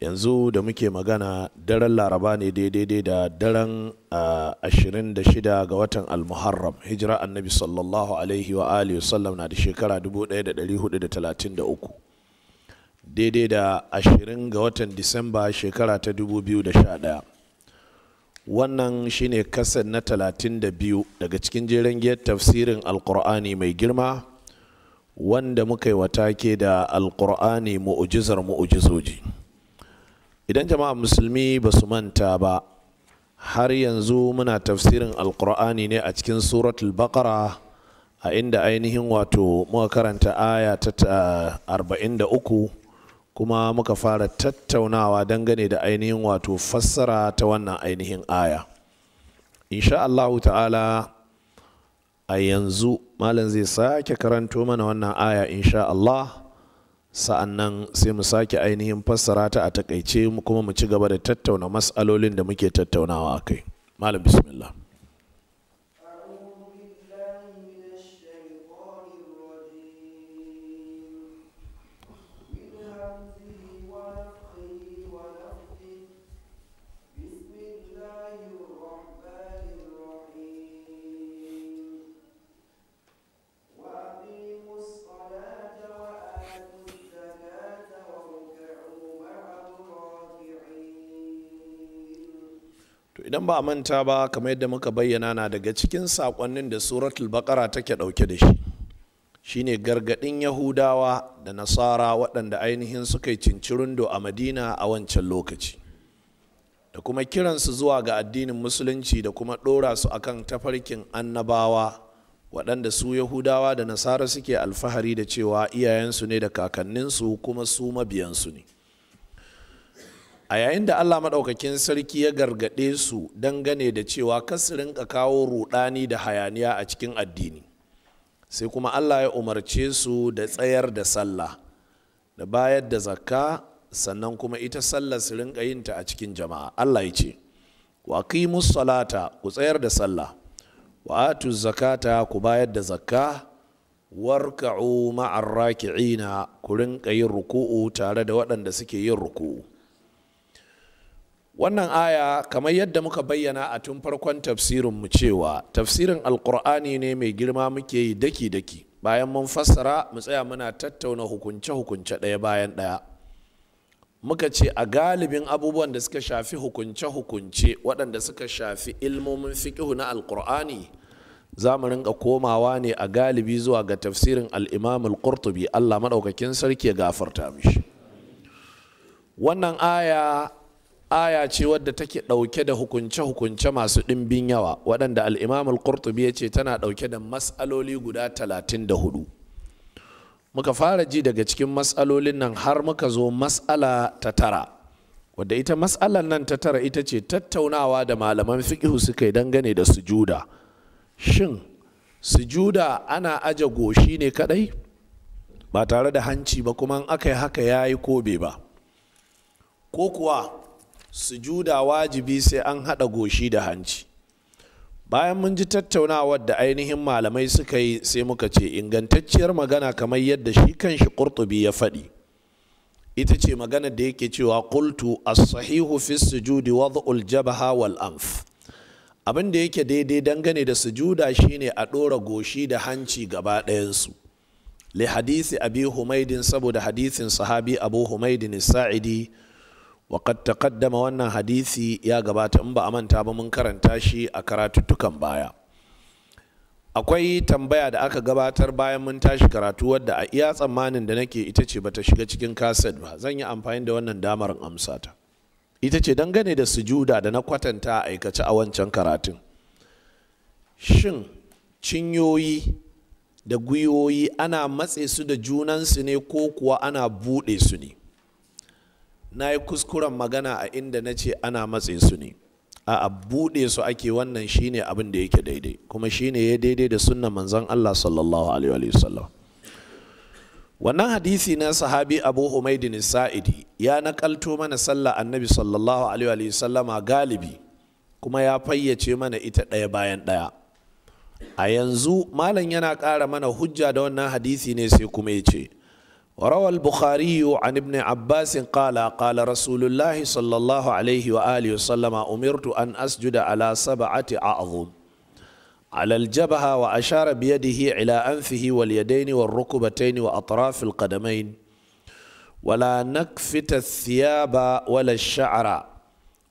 yanzu da muke magana daren laraba ne daidai da daren 26 ga watan almuharram hijira annabi sallallahu alaihi wa alihi na da shekara 1433 daidai da 20 ga watan disamba shekara ta 2011 wannan shine kasar na 32 daga cikin jeren giyar tafsirin alkur'ani mai girma wanda muka yi watake da alkur'ani mu'ujizar mu'ujizoji idan jama'a musulmi ba su manta ba har yanzu muna tafsirin alkur'ani ne a cikin suratul baqara a inda ainihin wato muka karanta aya ta 43 kuma muka fara tattaunawa dangane da ainihin wato fassara ta wannan ainihin aya insha Allah ta'ala a yanzu malam zai sake karanto mana wannan aya insha Allah sa'an nan sai mu sake ainihin fassara ta a takaice kuma mu ci gaba da tattauna matsalolin da muke tattaunawa a kai malam bismillah to idan ba a manta ba kamar yadda muka bayyana na daga cikin saƙonnin da suratul bakara take ɗauke da shi shine gargadin yahudawa da nasara waɗanda ainihin suka yi cincirindo a madina a wancan lokaci da kuma kiransu zuwa ga addinin musulunci da kuma ɗora su akan tafarkin annabawa waɗanda su yahudawa da nasara suke alfahari da cewa iyayensu ne da kakanninsu kuma su mabiyansu ne a yayin da allah maɗaukakin sarki ya gargaɗe su dangane da cewa ka kawo rudani da hayaniya a cikin addini sai kuma allah ya umarce su da tsayar da sallah da bayar da zakka sannan kuma ita sallah su rinka yinta a cikin jama'a allah ya ce wa qimus salata ku tsayar da sallah wa atu zakata ku bayar da zakka warka'u ma'ar raki'ina ku rinka yin ruku'u tare da waɗanda suke yin ruku'u wannan aya kamar yadda muka bayyana a tun farkon tafsirin mu cewa tafsirin alkur'ani ne mai girma muke yi daki-daki bayan mun fassara mu tsaya muna tattauna hukunce-hukunce ɗaya bayan ɗaya muka ce a galibin abubuwan da suka shafi hukunce-hukunce waɗanda suka shafi ilmomin fiƙihu na alkur'ani za mu rinka komawa ne a galibi zuwa ga tafsirin al'imamul qurtubi allah maɗaukakin sarki ya gafarta mishi wannan aya aya ce wadda take ɗauke da hukunce-hukunce masu ɗimbin yawa waɗanda al’imamul ƙurtubi ya ce tana ɗauke da matsaloli guda talatin da hudu muka fara ji daga cikin matsalolin nan har muka zo matsala ta tara wadda ita matsalar nan ta tara ita ce tattaunawa da malaman fiƙihu suka yi dangane da sujuda shin sujuda ana aje goshi ne kadai ba tare da hanci ba kuma aka yi haka ya yi kobe ba ko kuwa sujuda wajibi sai an haɗa goshi da hanci bayan mun ji tattaunawar da ainihin malamai suka yi sai muka ce ingantacciyar magana kamar yadda shi kan shi ƙurtubi ya faɗi ita ce magana da yake cewa kultu as-sahihu fi sujudi wad'ul jabha wal anf abin da yake daidai dangane da sujuda shine a ɗora goshi da hanci gaba ɗayansu li hadisi abi humaidin saboda hadisin sahabi abu humaidin sa'idi ta ƙaddama wannan hadisi ya gabata in ba a manta ba mun karanta shi a karatuttukan baya akwai tambaya da aka gabatar bayan mun tashi karatu wadda a iya tsammanin da nake ita ce bata shiga cikin kaset ba zan yi amfani da wannan damar amsa ta ita ce dangane da sujuda da na kwatanta a aikace a wancan karatun shin cinyoyi da gwiwoyi ana matse su da junansu ne ko kuwa ana buɗe su ne na yi kuskuren magana a inda na ce ana matse su ne a buɗe su ake wannan shine abin da yake daidai kuma shine ya daidai da sunna manzon Allah sallallahu alaihi wa sallam wannan hadisi na sahabi abu umaidin sa'idi ya nakalto mana sallah annabi sallallahu alaihi wa sallama galibi kuma ya fayyace mana ita ɗaya bayan ɗaya a yanzu malam yana ƙara mana hujja da wannan hadisi ne sai kuma ya ce وروى البخاري عن ابن عباس قال قال رسول الله صلى الله عليه وآله وسلم أمرت أن أسجد على سبعة أعظم على الجبهة وأشار بيده إلى أنفه واليدين والركبتين وأطراف القدمين ولا نكفت الثياب ولا الشعر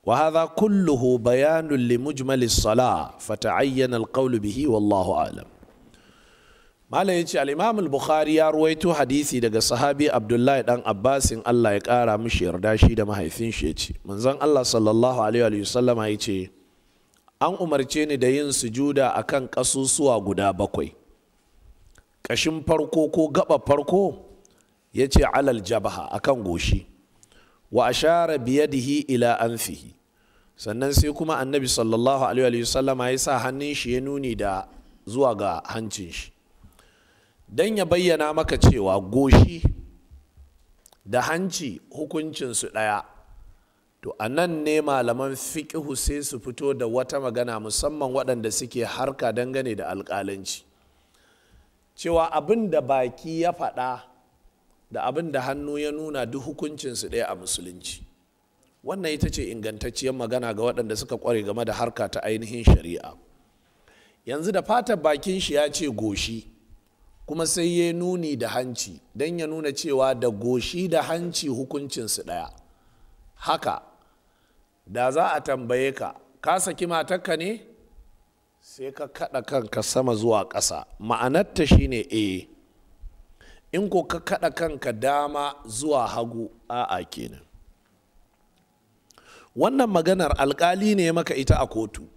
وهذا كله بيان لمجمل الصلاة فتعين القول به والله أعلم malam ya ce al'imam al-bukhari ya ruwaito hadisi daga sahabi abdullahi dan abbasin allah ya kara mishi yarda shi da mahaifin shi ya ce manzon allah sallallahu alaihi wasallama ya ce an umarce ni da yin sujuda akan kasusuwa guda bakwai kashin farko ko gaba farko ya ce alal jabaha akan goshi wa ashara biyadihi ila anfihi sannan sai kuma annabi sallallahu alaihi wa sallama ya sa hannun shi ya nuni da zuwa ga hancin shi don ya bayyana maka cewa goshi da hanci hukuncinsu ɗaya to a nan ne malaman fiƙihu sai su fito da wata magana musamman waɗanda suke harka dangane da alƙalanci cewa abin da baki ya faɗa da abin da hannu ya nuna duk hukuncinsu ɗaya a musulunci wannan ita ce ingantacciyar magana ga waɗanda suka ƙware game da harka ta ainihin shari'a yanzu da fatar bakin shi ya ce goshi kuma sai ya nuni da hanci don ya nuna cewa da goshi da hanci hukuncinsu ɗaya haka da za a tambaye ka ka saki matarka ne sai ka kaɗa kanka sama zuwa ƙasa ma'anarta shine e in ko ka kaɗa kanka dama zuwa hagu a'a kenan wannan maganar alkali ne maka ita a kotu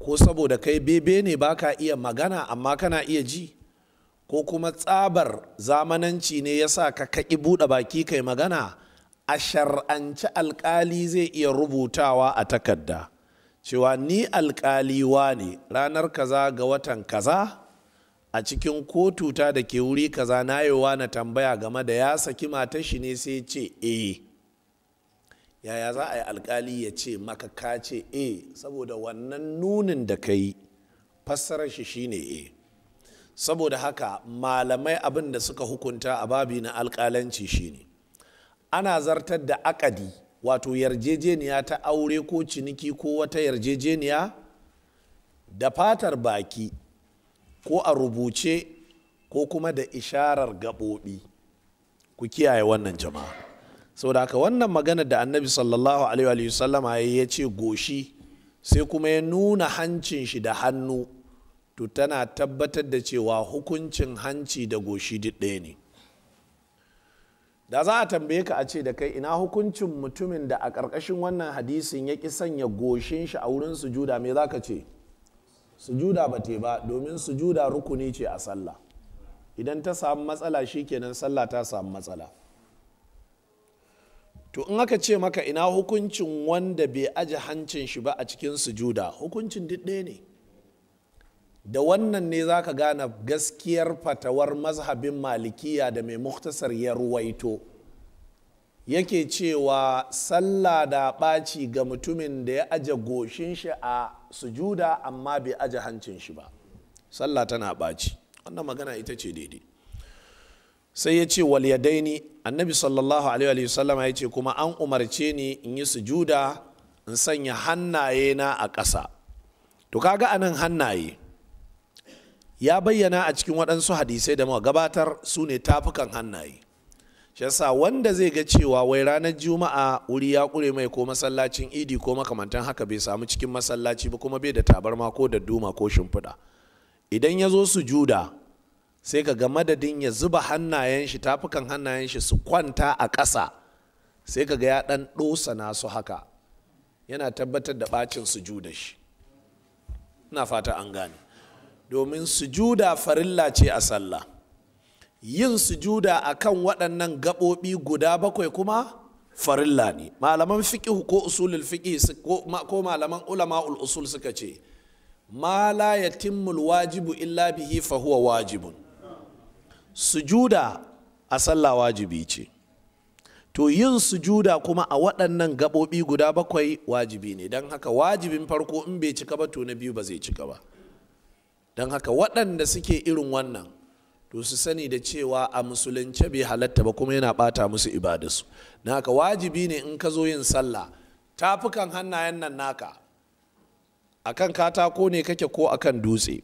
ko saboda kai bebe ne baka iya magana amma kana iya ji ko kuma tsabar zamananci ne ya sa ka kaƙi buɗe baki kai magana a shar'anci alkali zai iya rubutawa a takarda cewa ni alkali ne ranar kaza ga watan kaza a cikin kotuta da ke wuri kaza na yiwa na tambaya game da ya saki matar shi ne sai ce e yaya za a yi alkali ya ce maka ka ce e saboda wannan nunin da ka yi fassarar shi shine e eh. saboda haka malamai abin da suka hukunta a babi na alkalanci shine ana zartar da akadi wato yarjejeniya ta aure ko ciniki ko wata yarjejeniya da fatar baki ko a rubuce ko kuma da isharar gaɓoɓi ku kiyaye wannan jama'a saboda haka wannan magana da annabi sallallahu alaihi wasallama ya ce goshi sai kuma ya nuna hancin shi da hannu to tana tabbatar da cewa hukuncin hanci da goshi duk ɗaya ne da za a tambaye ka a ce da kai ina hukuncin mutumin da a ƙarƙashin wannan hadisin ya ƙi sanya goshin shi a wurin sujuda me za ka ce sujuda ba te ba domin sujuda rukuni ce a sallah idan ta samu matsala shi kenan sallah ta samu matsala to in aka ce maka ina hukuncin wanda bai aji hancin shi ba a cikin sujuda hukuncin duk ɗaya ne da wannan ne za ka gane gaskiyar fatawar mazhabin malikiya da mai muktasar ya ruwaito yake cewa sallah da ɓaci ga mutumin da ya aje goshin shi a sujuda amma bai aje hancin shi ba sallah tana ɓaci wannan magana ita ce daidai sai ya ce walyadaini annabi sallallahu alaihi wasallama ya ce kuma an umarce ni in yi sujuda in sanya hannaye na a ƙasa to kaga anan hannaye ya bayyana a cikin waɗansu hadisai da muka gabatar su ne tafukan hannaye shi wanda zai ga cewa wai ranar juma'a wuri ya ƙure mai ko masallacin idi ko makamantan haka bai samu cikin masallaci ba kuma bai da tabarma ko da duma ko shimfiɗa idan ya zo su juda sai ka ga madadin ya zuba hannayen shi tafukan hannayen shi su kwanta a ƙasa sai ka ga ya ɗan ɗosa su haka yana tabbatar da ɓacin juda shi ina fata an gane domin sujuda farilla ce a sallah yin sujuda a kan waɗannan gaɓoɓi guda bakwai kuma farilla ne malaman fiƙihu ko usulul fiƙi ko malaman ulama usul suka ce ma la yatimmul wajibu illa bihi fa huwa wajibun sujuda a sallah wajibi ce to yin sujuda kuma a waɗannan gaɓoɓi guda bakwai wajibi ne don haka wajibin farko in bai cika ba to na biyu ba zai cika ba don haka waɗanda suke irin wannan to su sani da cewa a musulunce bai halatta ba kuma yana ɓata musu ibadarsu na haka wajibi ne in ka zo yin sallah tafukan hannayen nan naka akan katako ne kake ko akan dutse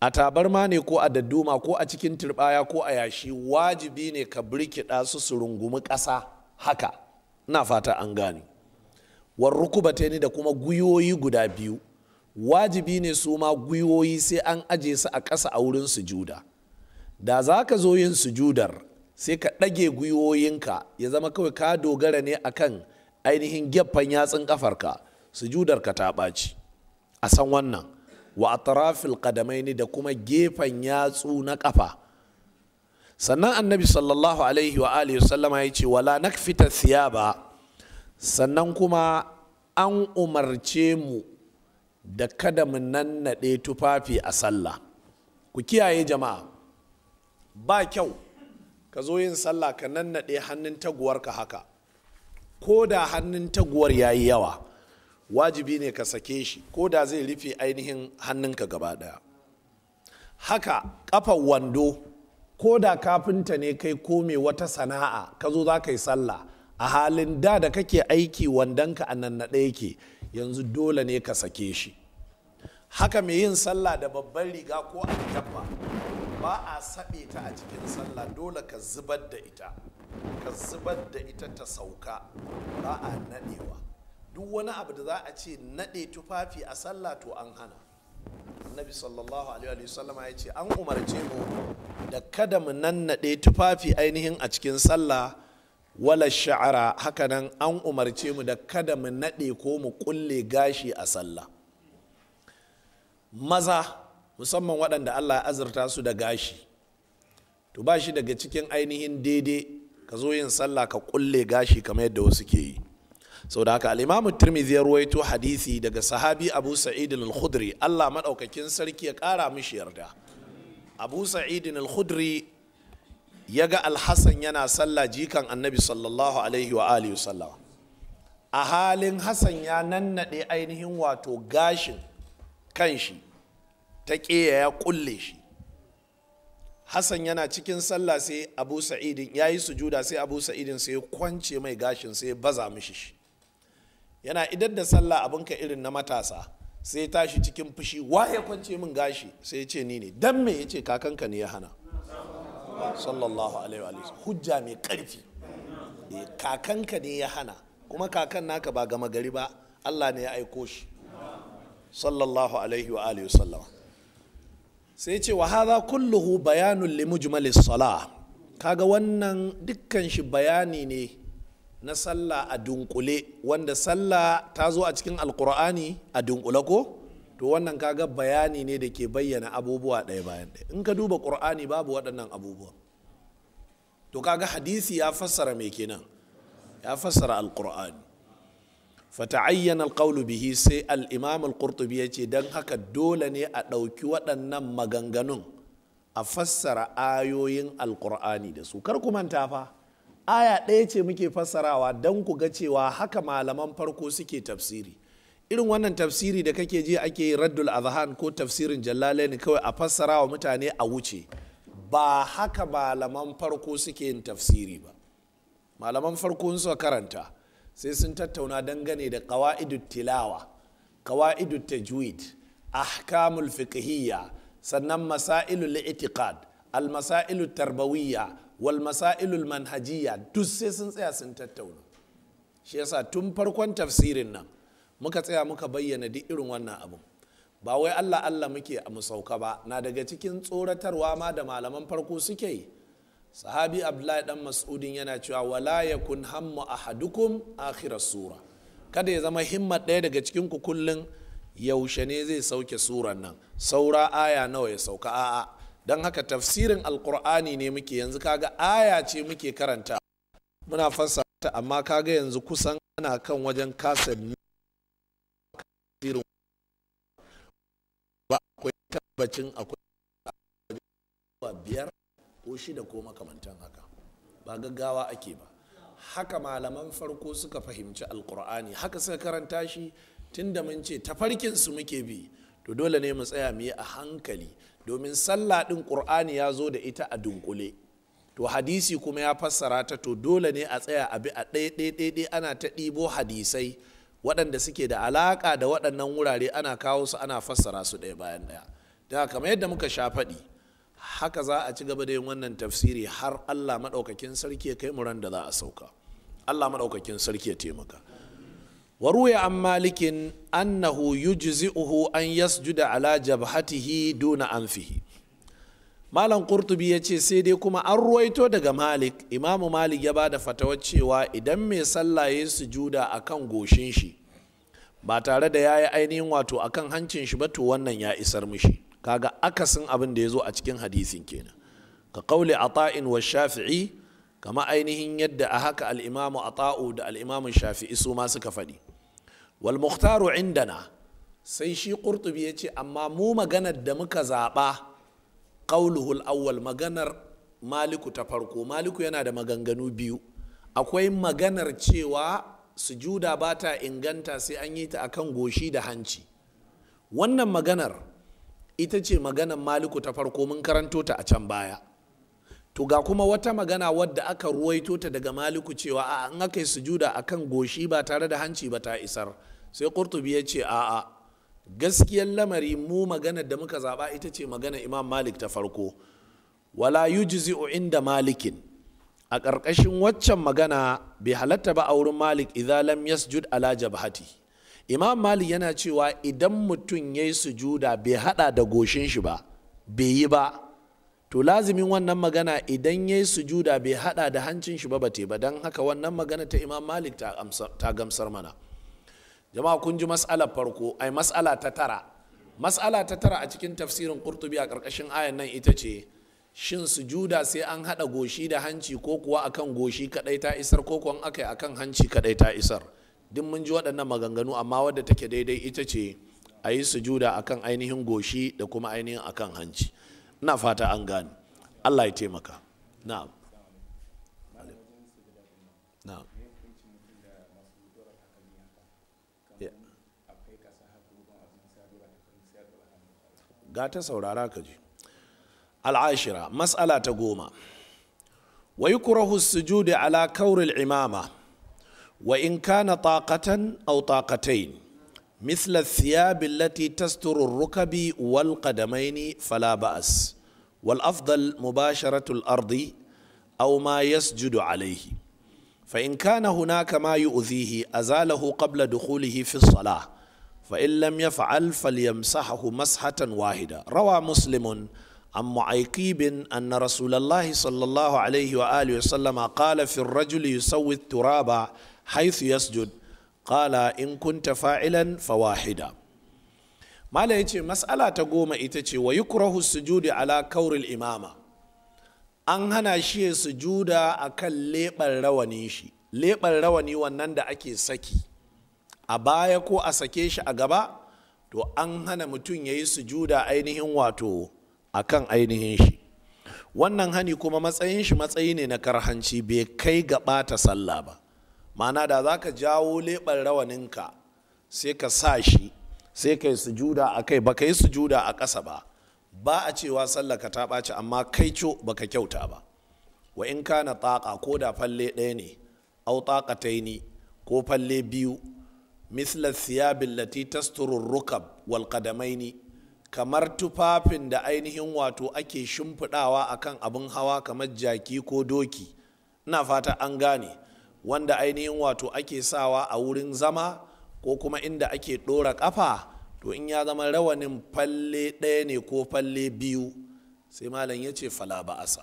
a tabarma ne ko a dadduma ko a cikin turbaya ko a yashi wajibi ne ka birkiɗa su su rungumi ƙasa haka ina fata an gane ni da kuma guyoyi guda biyu wajibi ne su ma gwiwoyi sai an aje su a ƙasa a wurin sujuda da za ka zo yin sujudar sai ka ɗage gwiwoyinka ya zama kawai ka dogara ne a kan ainihin gyaffan yatsun ƙafarka sujudar ka ta ɓaci a san wannan wa atrafil ne da kuma gefen yatsu na ƙafa sannan annabi sallallahu alaihi wa alihi sallama ya ce wala nakfita thiyaba sannan kuma an umarce mu da kada mu nannaɗe tufafi a sallah ku kiyaye jama'a ba kyau ka zo yin sallah ka nannaɗe hannun taguwarka haka ko da hannun taguwar ya yi yawa wajibi ne ka sake shi ko da zai rufe ainihin hannunka gaba ɗaya haka ƙafar wando ko da kafinta ne kai kome wata sana'a ka zo za ka yi sallah a halin da da kake aiki wandanka a nan naɗe yake yanzu dole ne ka sake shi haka mai yin sallah da babban riga ko tabba, ba a saɓe ta a cikin sallah dole ka zubar da ita ka zubar da ita ta sauka ba a naɗewa duk wani abu da za a ce naɗe tufafi a sallah to an hana annabi sallallahu alaihi wasallama ya ce an umarce mu da kada mu nan naɗe tufafi ainihin a cikin sallah wala sha'ara hakanan an umarce mu da kada mu naɗe ko mu kulle gashi a sallah maza musamman waɗanda allah azurta su da gashi to ba shi daga cikin ainihin daidai ka zo yin sallah ka kulle gashi kamar yadda wasu ke yi sau da haka al'imamu turmizi ya ruwaito hadisi daga sahabi abu sa'idin al-khudri allah maɗaukakin sarki ya ƙara mishi yarda abu sa'idin al-khudri ya ga alhassan yana sallah jikan annabi sallallahu alaihi wa sallama a halin hassan ya nannaɗe ainihin wato gashin kan shi ta ƙeya ya ƙulle shi hassan yana cikin sallah sai abu sa'idin ya yi sujuda sai abu sa'idin sai kwance mai gashin sai baza mishi shi yana idan da sallah abinka irin na matasa sai tashi cikin fushi wa ya kwance min gashi sai ya ce ni ne dan me ya ce kakanka ne ya hana sallallahu alaihi wa hujja mai karfi eh, kakanka ne ya hana kuma kakan naka ba gama gari ba Allah ne ya aiko shi sallallahu alaihi wa alihi sai ce wa hadha kulluhu bayanun li mujmal salah kaga wannan dukkan shi bayani ne na sallah a dunkule wanda sallah ta zo a cikin alqur'ani a dunkule ko to wannan kaga bayani ne da ke bayyana abubuwa ɗaya bayan ɗaya in ka duba ƙur'ani babu waɗannan abubuwa to kaga hadisi ya fassara mai kenan ya fassara alƙur'ani fata'ayyana alƙaulu bihi sai al'imam al imamil ya ce don haka dole ne a ɗauki waɗannan maganganun a fassara ayoyin alƙur'ani da su kar ku manta fa aya ɗaya ce muke fassarawa don ku ga cewa haka malaman farko suke tafsiri irin wannan tafsiri da kake ji ake yi raddul azhan ko tafsirin ne kawai a fassara wa mutane a wuce ba haka malaman farko suke yin tafsiri ba malaman farko sun karanta sai sun tattauna dangane da qawa'idu tilawa qawa'idu tajwid ahkamul fiqhiyya sannan masailul itiqad al masailu tarbawiyya wal al manhajiyya duk sai sun tsaya sun tattauna shi yasa tun farkon tafsirin nan muka tsaya muka bayyana duk irin wannan abin ba wai allah allah muke a musauka ba na daga cikin tsoratarwa ma da malaman farko suke yi sahabi abdullahi dan mas'udin yana cewa wala yakun hammu ahadukum akhirar sura kada ya zama himmat ɗaya daga cikin ku kullum yaushe ne zai sauke suran nan saura aya nawa ya sauka a'a don haka tafsirin alkur'ani ne muke yanzu kaga aya ce muke karanta muna fassara amma kaga yanzu kusan ana kan wajen kaset tasirin ba akwai tabbacin akwai biyar ko shida ko makamantan haka ba gaggawa ake ba haka malaman farko suka fahimci alkur'ani haka suka karanta shi tun da mun ce su muke bi to dole ne mu tsaya mu yi a hankali domin sallah ɗin ƙur'ani ya zo da ita a dunkule to hadisi kuma ya fassara ta to dole ne a tsaya a bi a ɗaya ɗaya ɗaya ana ta ɗibo hadisai waɗanda suke da alaƙa da waɗannan wurare ana kawo su ana fassara su ɗaya bayan ɗaya da kamar yadda muka sha faɗi haka za a ci gaba da yin wannan tafsiri har allah maɗaukakin sarki ya kai mu da za a sauka allah maɗaukakin sarki ya taimaka وروي an malikin annahu يجزئه an yasjuda ala jabhatihi duna anfihi malam qurtubi ya ce sai dai kuma an ruwaito daga malik imamu malik ya ba da fatawar cewa idan mai sallaye su juda a kan goshin shi ba tare da ya yi ainihin wato a kan hancin shi ba to wannan ya isar mishi kaga akasin abin da ya zo a cikin hadisin kenan ka kauli tain wa shafi'i kama ainihin yadda a haka al'imamu a ta'u da al'imamu shafi'i su ma suka faɗi wal muhtaru indana sai shi qurtubi ya ce amma mu maganar da muka zaɓa qauluhul awwal maganar maliku ta farko maliku yana da maganganu biyu akwai maganar cewa sujuda ba ta inganta sai an yi ta akan goshi da hanci wannan maganar ita ce maganar maliku ta farko mun karanto ta a can baya to ga kuma wata magana wadda aka ruwaito ta daga maliku cewa a an aka yi sujuda akan goshi ba tare da hanci ba ta isar sai qurtubi ya ce a'a gaskiyar lamari mu magana da muka zaba ita ce magana imam malik ta farko wala yujzi'u inda malikin a ƙarƙashin waccan magana bai halatta ba a wurin malik idan lam yasjud ala jabhati imam malik yana cewa idan mutum ya yi sujuda bai hada da goshin shi ba bai yi ba to lazimin wannan magana idan ya yi sujuda bai hada da hancin shi ba te, ba dan haka wannan magana ta imam malik ta gamsar mana jama'a kun ji mas'alar farko ai mas'ala ta tara mas'ala ta tara a cikin tafsirin qurtubi a karkashin ayan nan ita ce shin sujuda sai an hada goshi da hanci ko kuwa akan goshi kadai ta isar ko kuwa akai akan hanci kadai ta isar duk mun ji waɗannan maganganu amma wadda take daidai ita ce a yi sujuda akan ainihin goshi da kuma ainihin akan hanci ina fata an gane allah ya taimaka na'am na'am gata saurara ka ji al'ashira mas'ala ta goma wa yukrahu sujudi ala kauril imama wa in kana taqatan aw taqatayn مثل الثياب التي تستر الركب والقدمين فلا بأس والأفضل مباشرة الأرض أو ما يسجد عليه فإن كان هناك ما يؤذيه أزاله قبل دخوله في الصلاة فإن لم يفعل فليمسحه مسحة واحدة روى مسلم عن معيقيب أن رسول الله صلى الله عليه وآله وسلم قال في الرجل يسوي التراب حيث يسجد قال إن كنت فاعلا فواحدا ما يتي مسألة تقوم إتتي ويكره السجود على كور الإمامة أن هنا شيء سجود أكل ليبال رواني شي ليبال رواني ونند أكي سكي a baya ko a sake shi a gaba to an hana mutum ya yi sujuda ainihin wato a kan ainihin shi wannan hani kuma matsayin shi matsayi ne na karhanci bai kai ga ɓata sallah ba ma'ana da za ka jawo leɓar rawaninka sai ka sa shi sai ka yi sujuda a kai ba ka yi sujuda a ƙasa ba ba a cewa sallah ka ta ɓaci amma kai co ba ka kyauta ba wa in kana taƙa ko da falle ɗaya ne au ko falle biyu misla thiyabin lati tasturur rukab wal kamar tufafin da ainihin wato ake shimfiɗawa akan abin hawa kamar jaki ko doki ina fata an gane wanda ainihin wato ake sawa a wurin zama ko kuma inda ake ɗora ƙafa to in ya zama rawanin falle ɗaya ne ko falle biyu sai malam ya ce fala ba'asa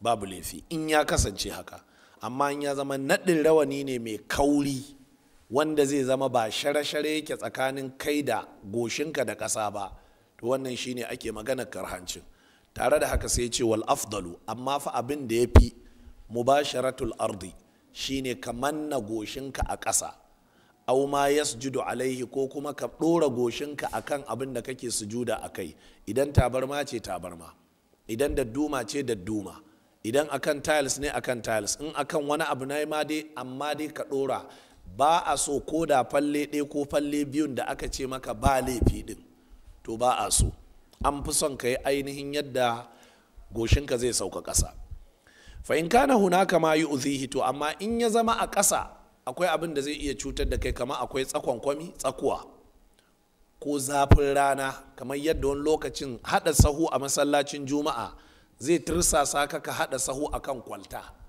babu laifi in ya kasance haka amma in ya zama naɗin rawani ne mai kauri wanda zai zama ba share-share yake tsakanin kai da goshinka da ƙasa ba to wannan shine ake magana karhancin tare da haka sai ce wal afdalu amma fa abin da ya fi mubasharatul ardi shine ka manna goshinka a ƙasa aw ma yasjudu alaihi ko kuma ka ɗora goshinka akan abin da kake sujuda a kai idan tabarma ce tabarma idan dadduma ce dadduma idan akan tiles ne akan tiles in akan wani abu na ma dai amma dai ka ɗora ba a so ko da falle ɗaya ko falle biyun da aka ce maka ba laifi ɗin to ba a so an fi son ka yi ainihin yadda goshinka zai sauka ƙasa fa kana hunaka kama yi uzihi to amma in ya zama a ƙasa akwai abin da zai iya cutar da kai kama akwai tsakon kwami tsakuwa ko zafin rana kamar yadda wani lokacin haɗa sahu a masallacin juma'a zai tirsasa ka ka haɗa sahu akan kwalta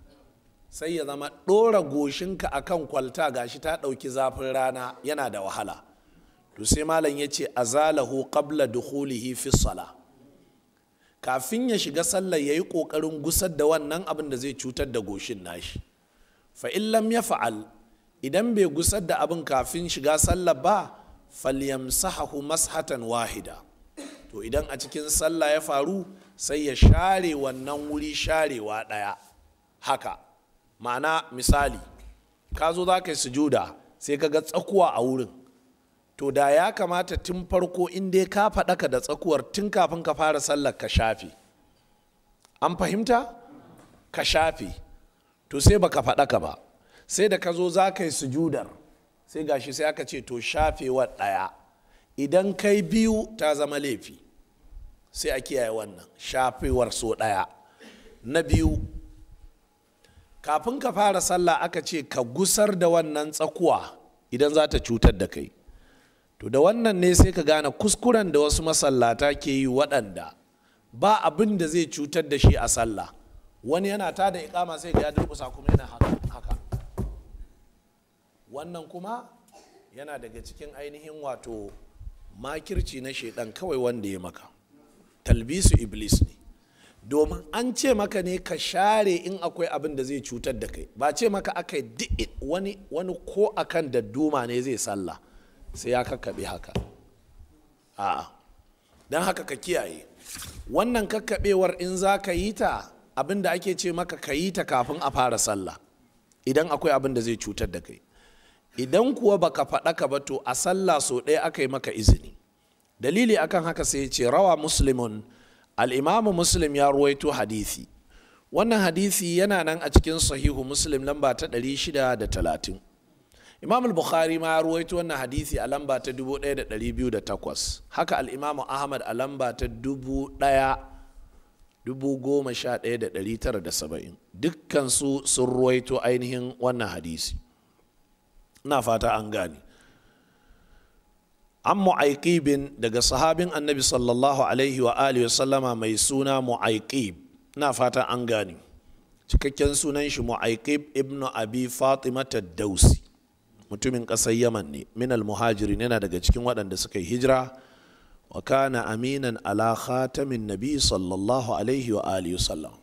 sai ya zama ɗora goshinka a kan kwalta gashi ta ɗauki zafin rana yana da wahala to sai malam ya ce azalahu qabla dukhulihi fi sala kafin ya shiga sallar ya yi ƙoƙarin gusar da wannan abin da zai cutar da goshin nashi fa lam ya fa'al idan bai gusar da abin kafin shiga sallar ba falyamsahahu mashatan wahida to idan a cikin sallah ya faru sai ya share wannan wuri sharewa ɗaya haka ma'ana misali ka zo za ka yi sujuda sai ka ga tsakuwa a wurin to da ya kamata tun farko in dai ka faɗaka da tsakuwar tun kafin ka fara sallar ka shafe an fahimta ka shafe to sai baka faɗaka ba sai da ka zo za ka yi sujudar sai gashi sai aka ce to shafewar ɗaya idan kai biyu ta zama laifi sai a kiyaye wannan shafewar so ɗaya na biyu kafin ka fara sallah aka ce ka gusar da wannan tsakuwa idan za ta cutar da kai to da wannan ne sai ka gane kuskuren da wasu masallata ke yi waɗanda ba abin da zai cutar da shi a sallah wani yana ta da ikama sai ga ya durƙusa kuma yana haka wannan kuma yana daga cikin ainihin wato makirci na shaidan kawai wanda ya maka talbisu iblis ne domin an ce maka ne ka share in akwai abin da zai cutar da kai ba ce maka aka yi wani wani ko akan da duma ne zai sallah sai ya kakkaɓe haka a'a don haka ka kiyaye wannan kakkaɓewar in za ka yi ta abin da ake ce maka ka yi ta kafin a fara sallah idan akwai abin da zai cutar da kai idan kuwa baka faɗaka ka ba to a sallah so ɗaya aka yi maka izini dalili akan haka sai ce rawa muslimun al'imamu muslim ya ruwaito hadisi wannan hadisi yana nan a cikin sahihu muslim lamba ta 630 imam bukhari ma ya ruwaito wannan hadisi a lamba ta 1208 haka al'imamu ahmad a lamba ta saba'in dukkansu sun ruwaito ainihin wannan hadisi na fata an gane an mu'aikibin daga sahabin annabi sallallahu alaihi wa alihi sallama mai suna mu'aikib na fata an gani. cikakken sunan shi mu'aikib ibnu abi fatima Taddausi. mutumin ƙasar yaman ne minal muhajiri yana daga cikin waɗanda suka yi hijira wa kana aminan ala khatamin nabi sallallahu alaihi wa alihi sallam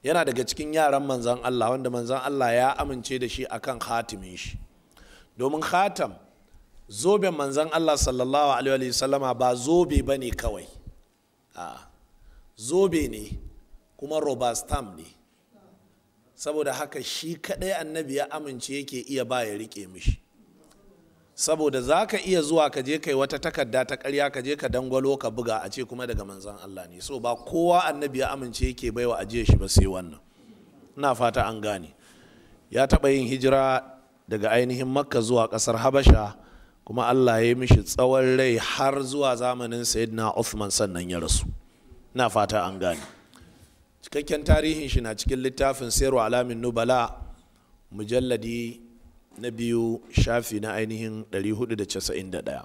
yana daga cikin yaran manzan Allah wanda manzan Allah ya amince da shi akan khatimin shi domin khatam zoben manzan Allah sallallahu alaihi wasallama ba zobe ba ne kawai a zobe ne kuma robastam ne saboda haka shi kadai annabi ya amince yake iya ba ya rike mishi saboda za ka iya zuwa ka je kai wata takarda ta karya ka je ka dangwalo ka buga a ce kuma daga manzan Allah ne so ba kowa annabi ya amince yake baiwa ajiye shi ba sai wannan na fata an gane ya taɓa yin hijira daga ainihin makka zuwa ƙasar habasha kuma Allah ya yi mishi tsawon rai har zuwa zamanin Sayyidina Uthman sannan ya rasu na fata an gane cikakken tarihin shi na cikin littafin sayarwa Alamin Nubala mujalladi na biyu shafi na ainihin 491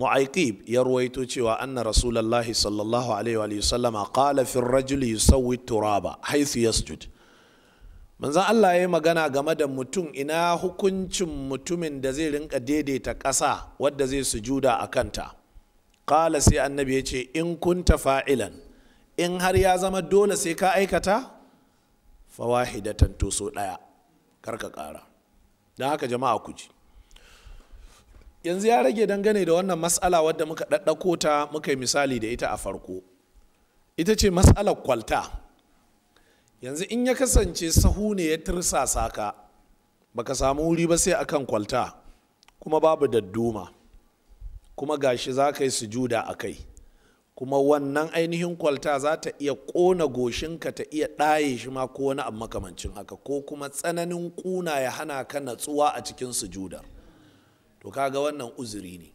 mu'aikib ya ruwaito cewa anna rasulallahi sallallahu alaihi wa sallama qala fi rajuli yusawwi turaba haythu yasjud manzan allah ya yi magana game da mutum ina hukuncin mutumin da zai rinka daidaita ƙasa wadda zai sujuda a kanta ƙala sai annabi ya ce in kunta fa'ilan in har ya zama dole sai ka aikata fawahidatan to so ɗaya karka ƙara don haka jama'a ku ji yanzu ya rage dangane da wannan matsala wadda muka ɗaɗɗako ta muka yi misali da ita a farko ita ce matsalar kwalta yanzu in ya kasance sahu ne ya tirsasa ka baka samu wuri ba sai akan kwalta kuma babu dadduma kuma gashi za ka yi sujuda a kai kuma wannan ainihin kwalta za ta iya ƙona ka ta iya ɗaye shi ma ko wani makamancin haka ko kuma tsananin ƙuna ya hana ka natsuwa a cikin sujudar to kaga wannan uzuri ne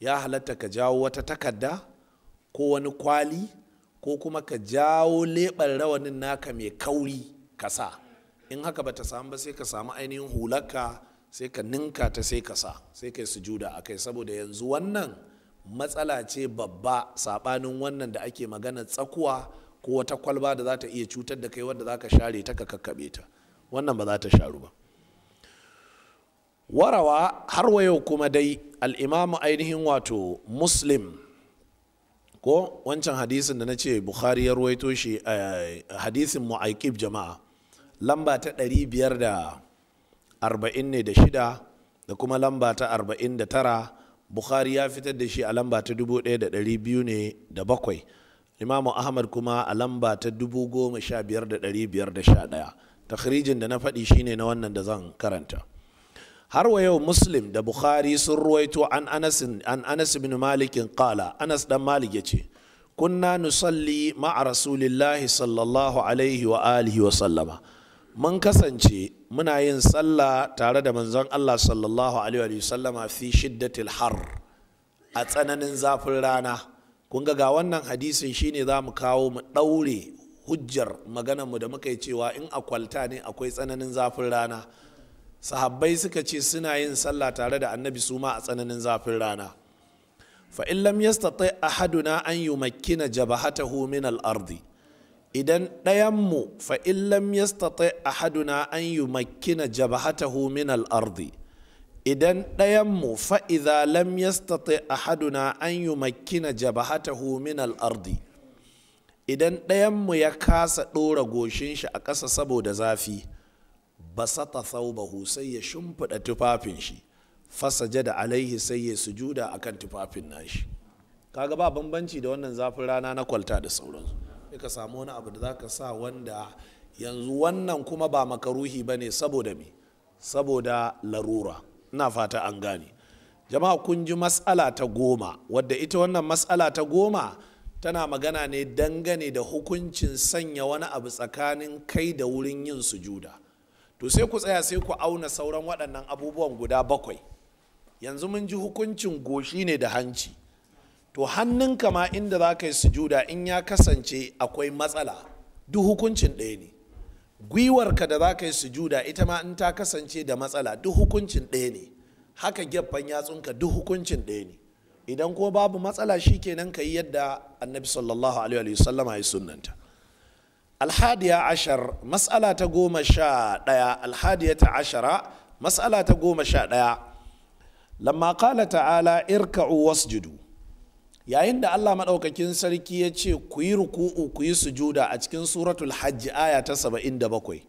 ya halatta ka jawo wata takarda ko wani kwali ko kuma ka jawo leɓar rawanin naka mai kauri ka sa in haka ba ta samu ba sai ka samu ainihin hularka sai ka ninka ta sai ka sa sai ka yi sujuda a kai saboda yanzu wannan matsala ce babba saɓanin wannan da ake magana tsakuwa ko wata kwalba da za ta iya cutar da kai wadda za ka share ta ka kakkaɓe ta wannan ba za ta sharu ba warawa har wa yau kuma dai al'imamu ainihin wato muslim ko wancan hadisin da na ce bukhari ya ruwaito shi eh, hadisin mu'aikib jama'a lamba ta 540 ne da shida da kuma lamba ta 49 bukhari ya fitar da shi a lamba ta 1200 ne da bakwai imamu ahmad kuma a lamba ta 15511 takhrijin da na faɗi shine na wannan da zan karanta har wa yau muslim da bukhari sun ruwaito an anas bin malikin qala anas dan malik yace kunna nusalli ma'a rasulillahi sallallahu alaihi wa alihi wa sallama mun kasance muna yin sallah tare da manzon Allah sallallahu alaihi wa sallama fi shiddatil har a tsananin zafin rana kun ga ga wannan hadisin shine za mu kawo mu daure hujjar maganar mu da muka yi cewa in akwalta ne akwai tsananin zafin rana sahabbai suka ce suna yin sallah tare da annabi su ma a tsananin zafin rana fa in lam yastati ahaduna an yumakkina jabahatahu min al-ardi idan ɗayan mu fa in lam yastati ahaduna an yumakkina jabahatahu min al-ardi idan ɗayan mu fa idza lam yastati ahaduna an yumakkina jabahatahu min al-ardi idan ɗayan mu ya kasa ɗora goshin shi a ƙasa saboda zafi basata thawbahu sai ya shimfiɗa tufafin shi fasaje da alaihi sai ya sujuda kan tufafin nashi kaga ba bambanci da wannan zafin rana na kwalta da sauransu sai ka samu wani abu da zaka sa wanda yanzu wannan kuma ba makaruhi bane saboda me saboda larura ina fata an gane jama'a kun ji matsala ta goma wadda ita wannan matsala ta goma tana magana ne dangane da hukuncin sanya wani abu tsakanin kai da wurin yin sujuda to sai ku tsaya sai ku auna sauran waɗannan abubuwan guda bakwai yanzu mun ji hukuncin goshi ne da hanci to hannunka ma inda za ka yi sujuda in ya kasance akwai matsala duk hukuncin ɗaya ne gwiwarka da za ka yi sujuda ita ma in ta kasance da matsala duk hukuncin ɗaya ne haka gyaffan yatsunka duk hukuncin ɗaya ne idan ko babu matsala shi kenan ka yi yadda annabi sallallahu alaihi wasallama ya sunanta. alhadiya ashar mas'ala ta goma sha ɗaya alhadiya ta ashara mas'ala ta goma sha ɗaya lamma kala ta'ala irka'u wasjudu yayin da allah maɗaukakin sarki ya ce ku yi ruku'u ku yi sujuda a cikin suratul hajji aya ta saba'in da bakwai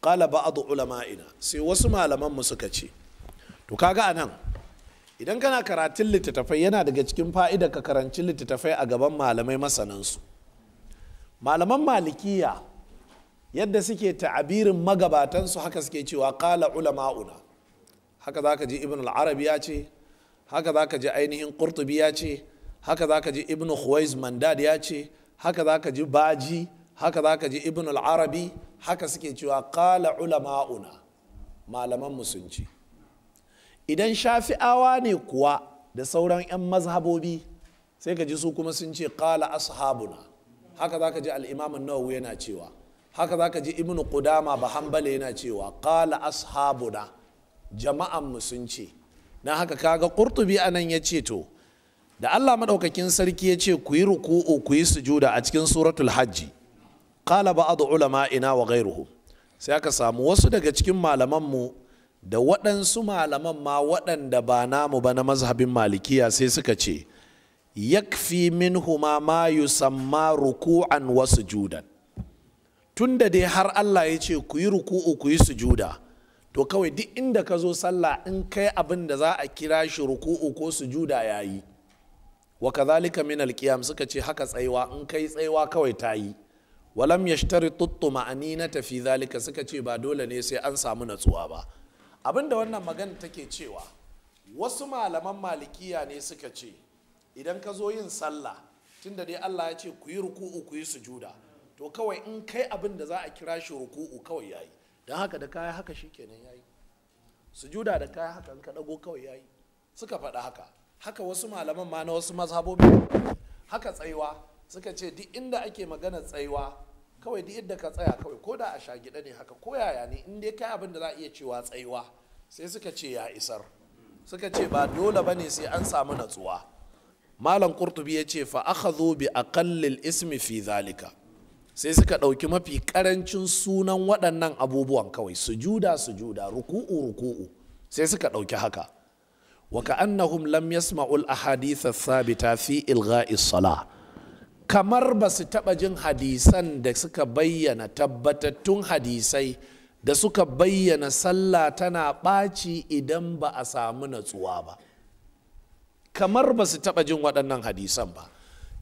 kala ulama ina. sai wasu malaman mu suka ce to kaga ga anan, idan kana karatun littattafai yana daga cikin fa'ida ka karanci littattafai a gaban malamai masanansu malaman malikiya yadda suke ta'abirin magabatansu haka suke cewa kala ulama'una haka za ka ji ibn al-arabi ya ce haka za ka ji ainihin qurtubi ya ce haka za ka ji ibn khuwais mandad ya ce haka za ka ji baji haka za ka ji ibn al-arabi haka suke cewa kala ulama'una malaman musunci idan shafi'awa ne kuwa da sauran 'yan mazhabobi sai ka ji su kuma sun ce kala ashabuna haka ka ji al'imamin nawawi yana cewa haka zaka ji ibnu qudama bahambale yana cewa kala ashabuna jama'an mu sun ce na haka kaga qurtubi anan ya ce to da Allah maɗaukakin sarki ya ce ku yi ruku'u ku yi sujuda a cikin suratul hajji qala ulama ina wa gairuhu sai aka samu wasu daga cikin malamanmu da waɗansu malaman ma waɗanda ba namu ba na mazhabin malikiya sai suka ce yakfi minhuma ma yusamma ruku'an wa sujudan tunda dai har Allah ya ce ku yi ruku'u ku yi sujuda to kawai duk inda ka zo sallah in kai abin da za a kira shi ruku'u ko sujuda yi wa kazalika min alqiyam suka ce haka tsaiwa in kai tsaiwa kawai ta yi walam yashtari tuttu ma'ani na zalika suka ce ba dole ne sai an samu natsuwa ba abinda wannan magana take cewa wasu malaman malikiya ne suka ce idan ka zo yin sallah tunda dai Allah ya ce ku yi ruku'u ku yi sujuda to kawai in kai abin da za a kira shi ruku'u kawai yayi don haka da kaya haka shikenan yayi sujuda da kaya haka in ka dago kawai yayi suka faɗa haka haka wasu malaman ma na wasu mazhabobi haka tsayuwa suka ce duk inda ake magana tsayuwa kawai duk inda ka tsaya kawai ko da a shagida ne haka ko yaya ne in dai kai abin da za a iya cewa tsayuwa sai suka ce ya isar suka ce ba dole bane sai an samu natsuwa malam qurtubi ya ce fa akhadhu bi kallil ismi fi zalika sai suka ɗauki mafi ƙarancin sunan waɗannan abubuwan kawai sujuda sujuda ruku'u ruku'u sai suka ɗauki haka wa ka'annahum lam yasma'ul ahadith thabita fi ilgha'i kamar ba su taɓa jin hadisan da suka bayyana tabbatattun hadisai da suka bayyana sallah tana ɓaci idan ba a samu natsuwa ba kamar ba su taɓa jin waɗannan hadisan ba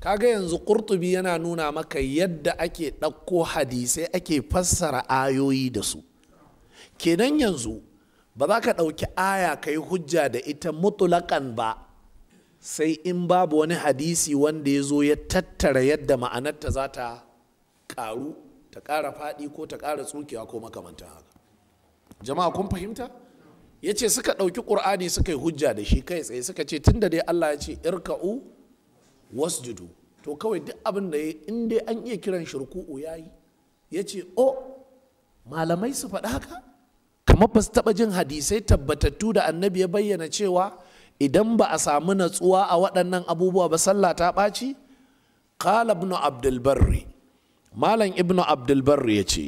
kaga yanzu ƙurtubi yana nuna maka yadda ake ɗauko hadisai ake fassara ayoyi da su kenan yanzu ba za ka ɗauki aya ka yi hujja da ita mutulakan ba sai in babu wani hadisi wanda ya zo ya tattara yadda ma'anarta za ta ƙaru ta ƙara faɗi ko ta ƙara tsukewa ko makamantan haka jama'a kun fahimta ya ce suka ɗauki ƙur'ani suka yi hujja da shi kai tsaye suka ce tun da dai allah ya ce irka'u wasjudu to kawai duk abin da ya in dai an iya kiran shirku'u ya yi ya ce o malamai su faɗa haka kamar ba su taɓa jin hadisai tabbatattu da annabi ya bayyana cewa idan ba a samu natsuwa a waɗannan abubuwa ba sallah ta ɓaci qala ibn abdulbarri malam ibn abdulbarri ya ce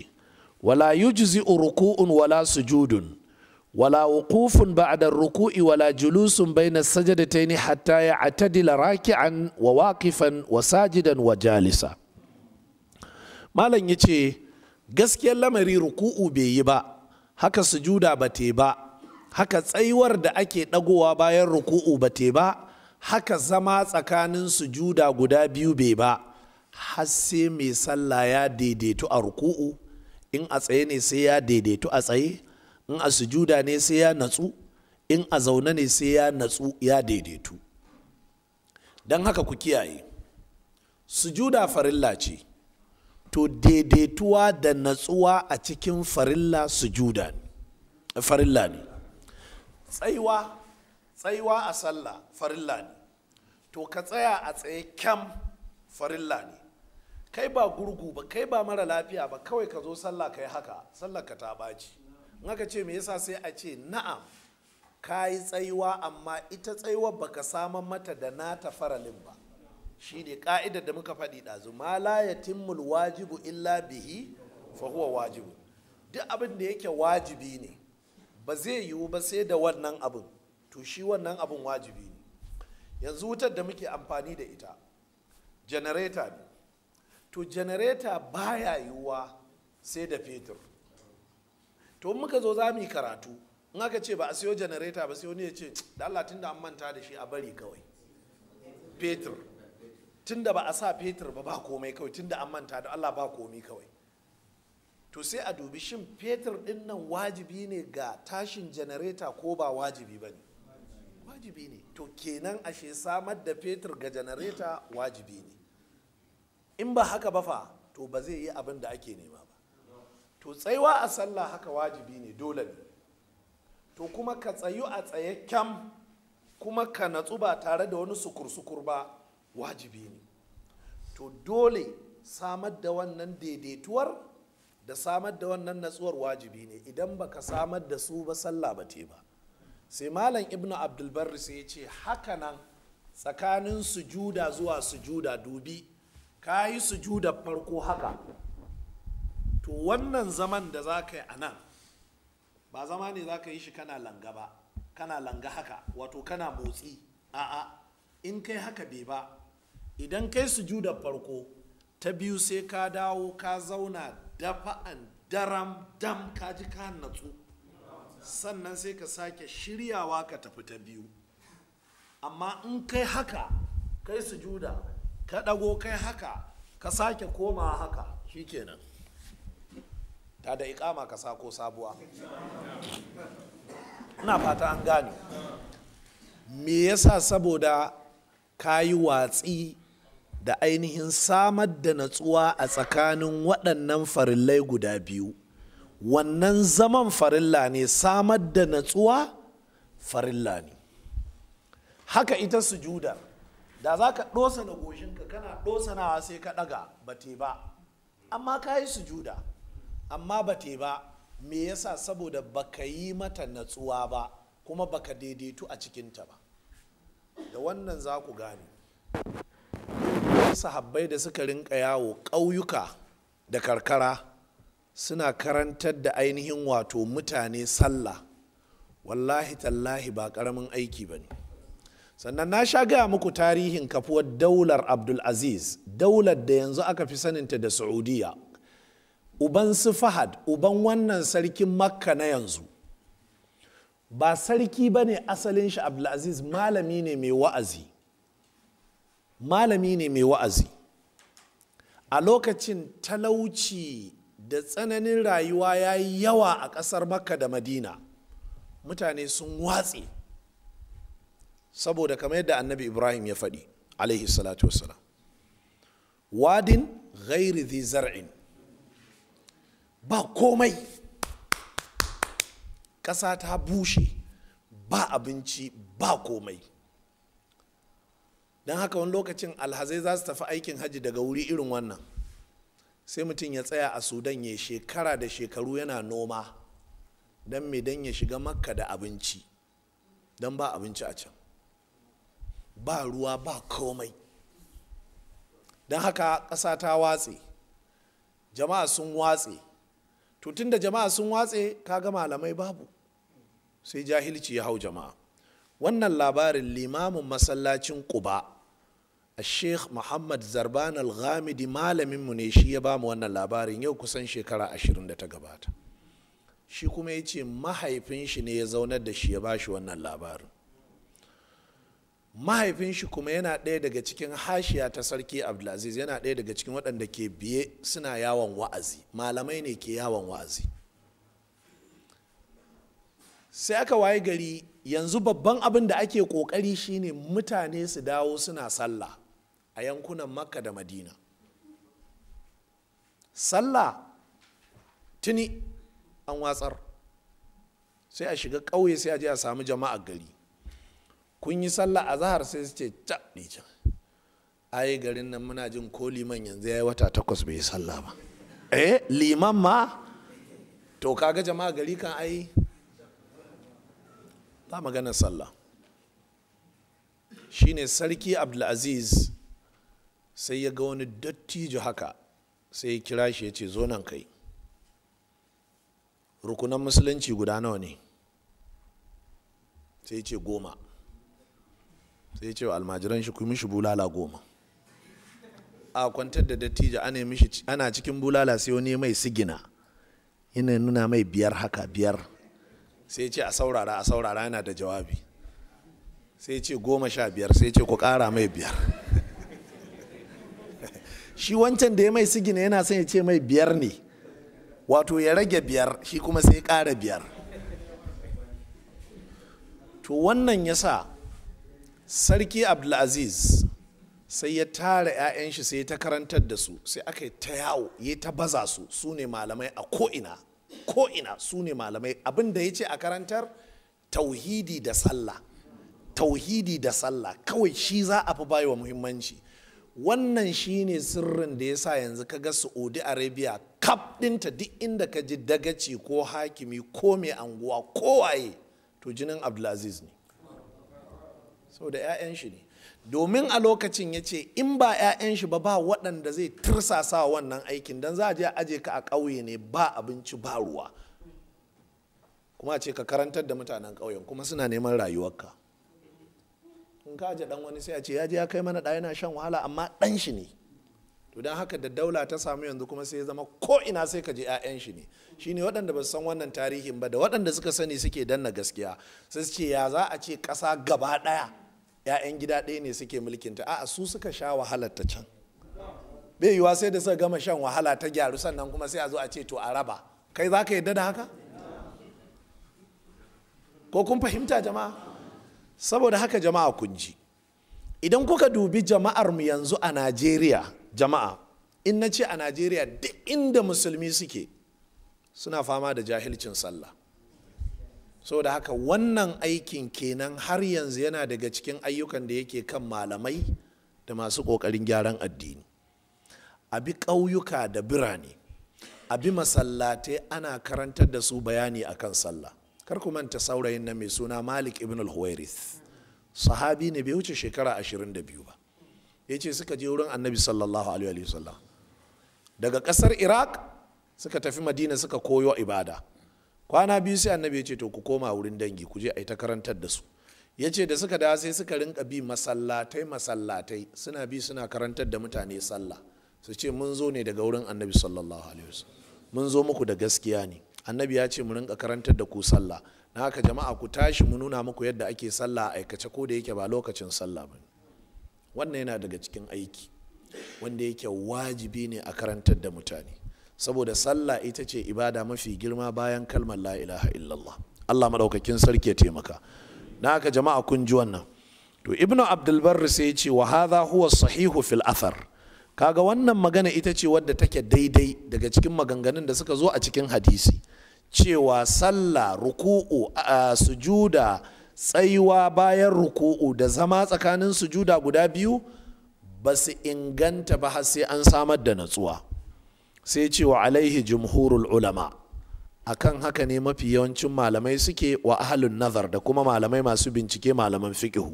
wala yujzi ruku'un wala sujudun wala wuqufun ba'da ruku'i wala julusun bayna sajadataini hatta ya'tadila raki'an wa waqifan wa sajidan wa jalisa malam yace gaskiyar lamari ruku'u bai yi ba haka sujuda ba te ba haka tsaiwar da ake dagowa bayan ruku'u ba te ba haka zama tsakanin sujuda guda biyu bai ba har sai mai sallah ya daidaitu a ruku'u in a tsaye ne sai ya daidaitu a tsaye in a sujuda ne sai ya natsu in a zaune ne sai ya natsu ya daidaitu don haka ku kiyaye sujuda farilla ce to daidaituwa da natsuwa a cikin farilla sujuda ne farilla ne tsaiwa tsaiwa a sallah farilla ne to ka tsaya a tsaye kyam farilla ne kai ba gurgu ba kai ba mara lafiya ba kawai ka zo sallah kai haka sallah ka ta in aka ce me yasa sai a ce na'am ka yi tsayuwa amma ita tsayuwa baka saman mata da na nata faralin ba shine ka'idar da muka faɗi ɗazu ma la ya timmul wajibu illa bihi fa huwa wajibu duk abin da yake wajibi ne ba zai yiwu ba sai da wannan abin to shi wannan abin wajibi ne yanzu wutar da muke amfani da ita janareta ne to janareta baya yiwuwa sai da fetur to muka zo za mu yi karatu in aka ce ba a siyo janareta ba sai wani ya ce da Allah tun da an manta da shi a bari kawai fetur tun da ba a sa fetur ba ba komai kawai tun da an manta da Allah ba komai kawai to sai a dubi shin fetir din nan wajibi ne ga tashin janareta ko ba wajibi ba ne wajibi ne to kenan ashe samar da fetir ga janareta wajibi ne in ba haka ba fa to ba zai yi abin da ake nema to tsaiwa a sallah haka wajibi ne dole ne to kuma ka tsayu a tsaye kyam kuma ka natsu ba tare da wani sukur-sukur ba wajibi ne to dole samar da wannan daidaituwar da samar da wannan natsuwar wajibi ne idan ba ka samar da su ba sallah ba te ba sai malam ibnu abdulbarri sai ya ce haka nan tsakanin sujuda zuwa sujuda dubi ka yi sujuda farko haka to wannan zaman da za ka yi a nan ba zama ne za ka yi shi kana langa ba kana langa haka wato kana motsi a'a in kai haka bai ba idan kai sujuda farko ta biyu sai ka dawo ka zauna dafa'an daram dam ka ji ka natsu sannan sai ka sake shiryawa ka tafi ta biyu amma in kai haka kai sujuda ka ɗago kai haka ka sake koma haka shi kenan. ta da ikama ka sako sabuwa ina fata an gane me yasa saboda ka yi watsi da ainihin samar da natsuwa a tsakanin waɗannan farillai guda biyu wannan zaman farilla ne samar da natsuwa farilla ne haka ita sujuda da za ka ɗosa na goshinka kana ɗosanawa sai ka ɗaga ba ba amma ka yi sujuda amma ba te ba me yasa saboda baka yi mata natsuwa ba kuma baka daidaitu a cikinta ba da wannan za ku gane sahabbai da suka rinka yawo ƙauyuka da karkara suna karantar da ainihin wato mutane sallah wallahi tallahi ba ƙaramin aiki ba ne sannan na sha gaya muku tarihin kafuwar daular abdulaziz daular da yanzu aka fi saninta da saudiya uban su fahad uban wannan sarkin makka na yanzu ba sarki ba ne asalin shi abdulaziz malami ne mai wa'azi malami ne mai wa'azi a lokacin talauci da tsananin rayuwa ya yi yawa a ƙasar makka da madina mutane sun watse saboda kamar yadda annabi ibrahim ya faɗi alaihi salatu wasu wadin ghairi zar'in ba komai ƙasa ta bushe ba abinci ba komai don haka wani lokacin alhazai za su tafi aikin hajji daga wuri irin wannan sai mutum ya tsaya a sudan ya shekara da shekaru yana noma don mai don ya shiga makka da abinci don ba abinci a can ba ruwa ba komai don haka ƙasa ta watse jama'a sun watse to da jama'a sun watse kaga malamai babu sai jahilci ya hau jama'a wannan labarin limamin masallacin quba sheikh muhammad zarban al-ghamidi malaminmu ne shi ya bamu wannan labarin yau kusan shekara ashirin da ta gabata shi kuma ya ce mahaifin shi ne ya zaunar da shi ya bashi wannan labarin mahaifin shi kuma yana ɗaya daga cikin hashiya ta sarki abdulaziz yana ɗaya daga cikin waɗanda ke biye suna yawon wa'azi malamai ne ke yawon wa'azi sai aka waye gari yanzu babban abin da ake ƙoƙari shine mutane su dawo suna sallah a yankunan makka da madina sallah tuni an watsar sai a shiga ƙauye sai a je a samu jama'a gari kun yi sallah a zahar sai su ce caɓi can ai garin nan muna jin ko liman yanzu ya yi wata takwas bai yi sallah ba eh liman ma to kaga jama'a gari kan ai ba maganar sallah shine sarki abdulaziz sai ya ga wani dattijo haka sai ya kira shi ya ce zo nan kai rukunan musulunci guda nawa ne sai ya ce goma sai cewa almajiran shi kuma shi bulala goma a kwantar da dattijo ana ana cikin bulala sai wani mai sigina yana nuna mai biyar haka biyar sai ce a saurara a saurara yana da jawabi sai ce goma sha biyar sai ce ku kara mai biyar shi wancan da ya mai sigina yana son ya ce mai biyar ne wato ya rage biyar shi kuma sai ƙara biyar to wannan ya sa sarki abdulaziz sai ya tara 'ya'yan shi sai ta karantar da su sai aka yi ta yawo ya ta baza su su ne malamai a ko'ina ko'ina su ne malamai abin da ya ce a karantar tauhidi da sallah tauhidi da sallah kawai shi za a fi bayo muhimmanci wannan shi ne sirrin da ya sa yanzu ka ga saudi arabia kaf ɗinta duk inda ka ji dagaci ko hakimi ko mai anguwa kowaye to jinin abdulaziz ne saboda 'ya'yan shi ne domin a lokacin ya ce in ba 'ya'yan shi ba ba waɗanda zai tirsasa wannan aikin don za a je a aje ka a ƙauye ne ba abinci ba ruwa kuma a ce ka karantar da mutanen ƙauyen kuma suna neman rayuwarka in ka aje dan wani sai a ce ya je ya kai mana ɗaya yana shan wahala amma ɗan shi ne to don haka da daula ta samu yanzu kuma sai ya zama ko ina sai ka je 'ya'yan shi ne shi ne waɗanda ba su san wannan tarihin ba da waɗanda suka sani suke danna gaskiya sai su ce ya za a ce ƙasa gaba ɗaya 'ya'yan gida ɗaya ne suke ta. a'a su suka sha wahalar ta can bai yiwuwa sai da suka gama shan wahala ta gyaru sannan kuma sai a zo a ce to a raba kai za ka yadda da haka ko kun fahimta jama'a saboda haka jama'a kun ji idan kuka dubi jama'ar mu yanzu a najeriya jama'a in na ce a najeriya duk inda musulmi suke suna fama da jahilcin sallah saboda haka wannan aikin kenan har yanzu yana daga cikin ayyukan da yake kan malamai da masu ƙoƙarin gyaran addini a bi ƙauyuka da birane a bi masallatai ana karantar da su bayani a kan sallah kar ku manta saurayin na mai suna malik ibn al sahabi ne bai wuce shekara 22 ba ya ce suka je wurin annabi sallallahu alaihi wasallam daga ƙasar iraq suka tafi madina suka koyo ibada kwana biyu sai annabi ya ce to ku koma wurin dangi ku je a yi ta karantar da su ya ce da suka da sai suka rinka bi masallatai masallatai suna bi suna karantar da mutane sallah su ce mun zo ne daga wurin annabi sallallahu alaihi wasallam mun zo muku da gaskiya ne annabi ya ce mu rinka karantar da ku sallah na haka jama'a ku tashi mu nuna muku yadda ake sallah a aikace ko da yake ba lokacin sallah ba wannan yana daga cikin aiki wanda yake wajibi ne a karantar da mutane saboda sallah ita ce ibada mafi girma bayan kalmar la ilaha illallah Allah madaukakin sarki ya taimaka na aka jama'a kun ji wannan to ibnu abdul barr sai ya ce wa hadha huwa sahihu fil athar kaga wannan magana ita ce wadda take daidai daga cikin maganganun da suka zo a cikin hadisi cewa sallah ruku'u sujuda tsayuwa bayan ruku'u da zama tsakanin sujuda guda biyu ba su inganta ba har sai an samar da natsuwa sai ce wa alaihi jumhurul ulama akan haka ne mafi yawancin malamai suke wa ahlun nazar da kuma malamai masu bincike malaman fiqhu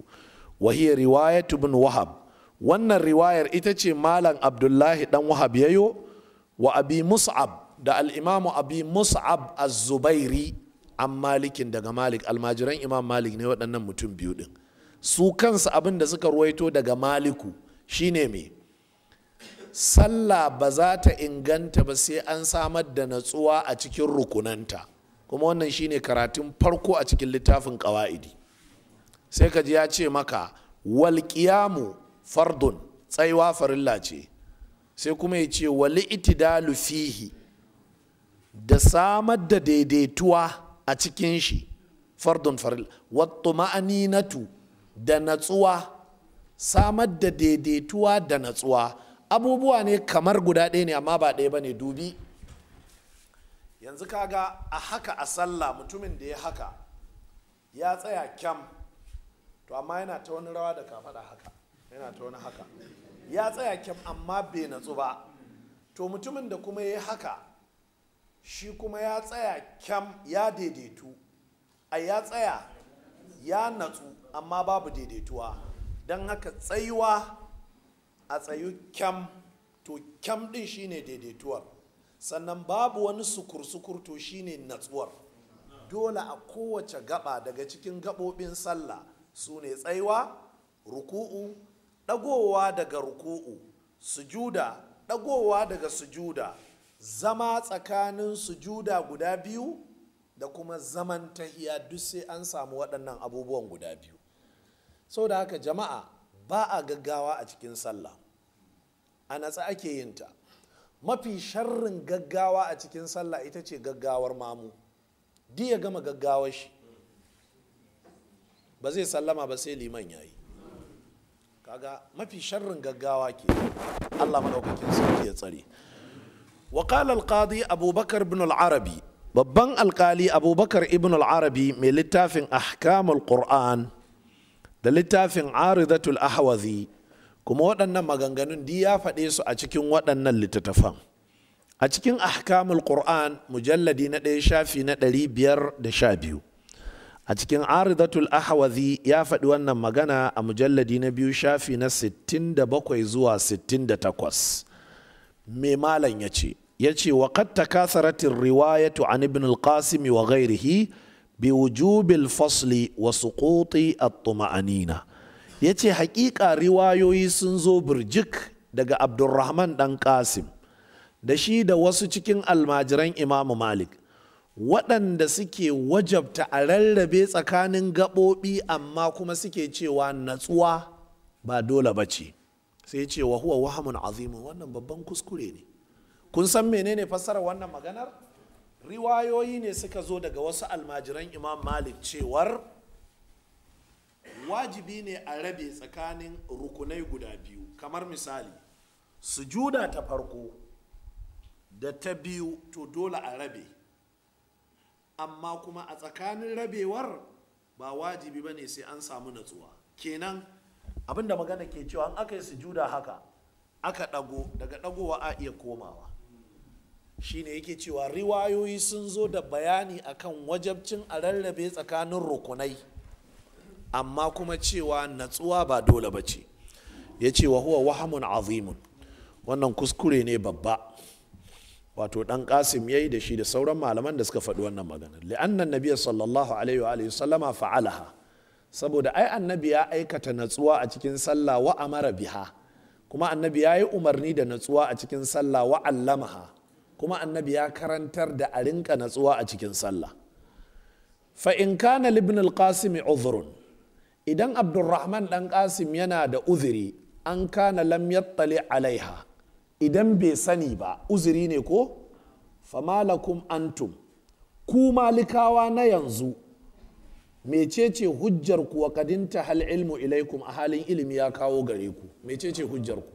wa hiya riwayat ibn wahab wannan riwayar ita ce malam abdullahi dan wahab yayo wa abi mus'ab da al-imamu abi mus'ab az-zubairi an malikin daga malik almajiran imam malik ne waɗannan mutum biyu din su kansu abin da suka ruwaito daga maliku shine me sallah ba za ta inganta ba sai an samar da natsuwa a cikin rukunanta kuma wannan shine karatun farko a cikin littafin ƙawa'idi sai ka ji ya ce maka walƙiyamu, fardun tsaiwa farilla ce sai kuma ya ce wali itidalu fihi da samar da daidaituwa a cikin shi fardun farilla wattu ma'aninatu da natsuwa samar da daidaituwa da natsuwa abubuwa ne kamar guda ɗaya ne amma ba ɗaya ba ne dubi yanzu kaga a haka a sallah mutumin da ya haka ya tsaya kyam to amma yana ta wani rawa da kafaɗa haka yana ta wani haka ya tsaya kyam amma bai natsu ba to mutumin da kuma ya haka shi kuma ya tsaya kyam ya daidaitu a ya tsaya ya natsu amma babu daidaituwa don haka tsayuwa a tsayu kyam to kyam din shine daidaituwar sannan babu wani sukur-sukur to shine natsuwar dole a kowace gaba daga cikin gabobin sallah su ne tsaiwa ruku'u ɗagowa daga ruku'u sujuda ɗagowa daga sujuda zama tsakanin sujuda guda biyu da kuma zaman tahiya duk sai an samu waɗannan abubuwan guda biyu sau da haka jama'a ba a gaggawa a cikin sallah a natsa ake yin ta mafi sharrin gaggawa a cikin sallah ita ce gaggawar mamu di ya gama gaggawar shi ba zai sallama ba sai liman ya yi kaga mafi sharrin gaggawa ke allah maɗaukakin sarki ya tsare وقال القاضي أبو بكر بن العربي babban alkali abubakar ibn al-arabi mai littafin ahkamul qur'an da littafin aridatul ahwazi kuma waɗannan maganganun di ya faɗe su a cikin waɗannan littattafan a cikin ahkamul qur'an mujalladi na ɗaya shafi na ɗari biyar da sha biyu a cikin aridatul ahwazi ya faɗi wannan magana a mujalladi na biyu shafi na sittin da bakwai zuwa sittin da takwas mai malam ya ce ya ce wa kad takasaratin riwayatu an ibn al-qasim wa ghairihi bi wujubil fasli wa suquti at-tuma'anina ya ce hakika riwayoyi sun zo birjik daga Abdulrahman dan kasim da shi da wasu cikin almajiran imamu malik waɗanda suke wajabta a rarrabe tsakanin gaɓoɓi amma kuma suke cewa natsuwa ba dole ba ce sai ce wa huwa wahamun azimun wannan babban kuskure ne kun san menene fassarar wannan maganar riwayoyi ne suka zo daga wasu almajiran imam malik cewar wajibi ne a rabe tsakanin rukunai guda biyu kamar misali sujuda ta farko da ta biyu to dole a rabe amma kuma a tsakanin rabewar ba wajibi ba ne sai an samu natsuwa kenan abinda magana ke cewa an aka yi sujuda haka aka dago daga ɗagowa a iya komawa shine yake cewa riwayoyi sun zo da bayani akan wajabcin a rarrabe tsakanin rukunai amma kuma cewa natsuwa ba dole ba ce ya ce wa huwa wahamun azimun wannan kuskure ne babba wato dan kasim yayi da shi da sauran malaman da suka faɗi wannan magana li'annan biya sallallahu alaihi wa sallama fa'alaha saboda ai annabi ya aikata natsuwa a cikin sallah wa amara biha kuma annabi ya yi umarni da natsuwa a cikin sallah wa allamaha kuma annabi ya karantar da a rinka natsuwa a cikin sallah fa in kana libn al-qasim uzrun idan abdulrahman dan kasim yana da uziri, an kana lam yattali alaiha idan bai sani ba uziri ne ko famalakum antum ku malikawa na yanzu mecece hujjar ku wa kadinta hal ilmu ilaikum a halin ilimi ya kawo gare ku mecece hujjarku.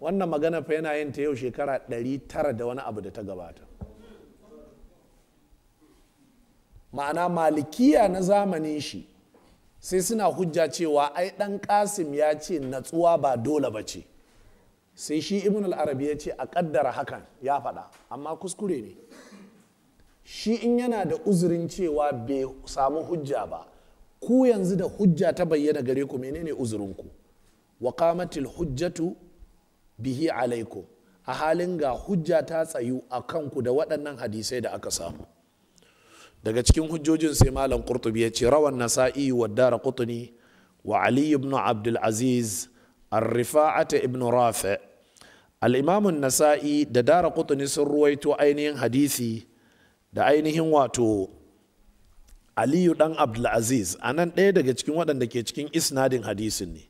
wannan magana fa yana yin ta yau shekara 900 da wani abu da ta gabata ma'ana malikiya na zamanin shi sai suna hujja cewa ai ɗan kasim ya ce natsuwa ba dole ba ce sai shi ibn al-arabi ya ce a kaddara hakan ya faɗa amma kuskure ne shi in yana da uzurin cewa bai samu hujja ba ku yanzu da hujja ta bayyana gare ku menene uzurinku wa qamatil hujjatu bihi alaikum a halin ga hujja ta tsayu a kanku da waɗannan hadisai da aka samu daga cikin hujjojin sai malam qurtubi ya ce rawan nasa'i wa dara qutni wa ali ibn abdul aziz ar-rifa'ata ibn rafi al nasai da dara qutni sun ruwaito ainihin hadisi da ainihin wato aliyu dan abdul aziz anan ɗaya daga cikin waɗanda ke cikin isnadin hadisin ne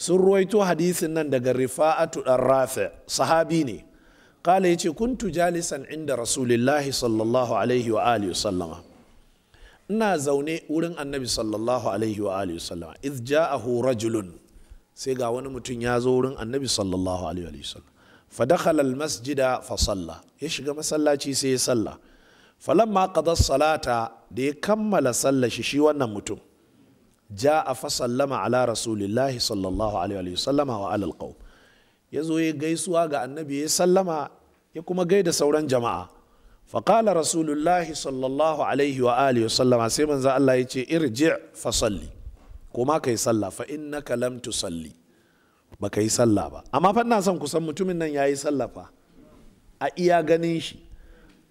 sun ruwaito hadisin nan daga rifa'atu dan rafi sahabi ne Kala يجي كنت جالسا عند رسول الله صلى الله عليه وآله وسلم ina zaune wurin annabi sallallahu alaihi wa alihi wasallam iz ja'ahu rajulun sai ga wani mutum ya zo wurin annabi sallallahu alaihi wa sallam fa dakhala al masjida fa salla ya shiga masallaci sai ya salla falamma qada salata da ya kammala sallar shi shi wannan mutum ja fa sallama ala rasulillahi sallallahu alaihi wa sallama wa ala al ya zo ya gaisuwa ga annabi ya sallama ya kuma gaida sauran jama'a faƙala rasulullahi sallallahu alaihi wa alihi sallama sai manzan Allah ya ce irji fa salli ka yi salla. fa na kalamtu salli. ba ka yi sallah ba amma fa ina son kusan mutumin nan ya yi sallah fa a iya ganin shi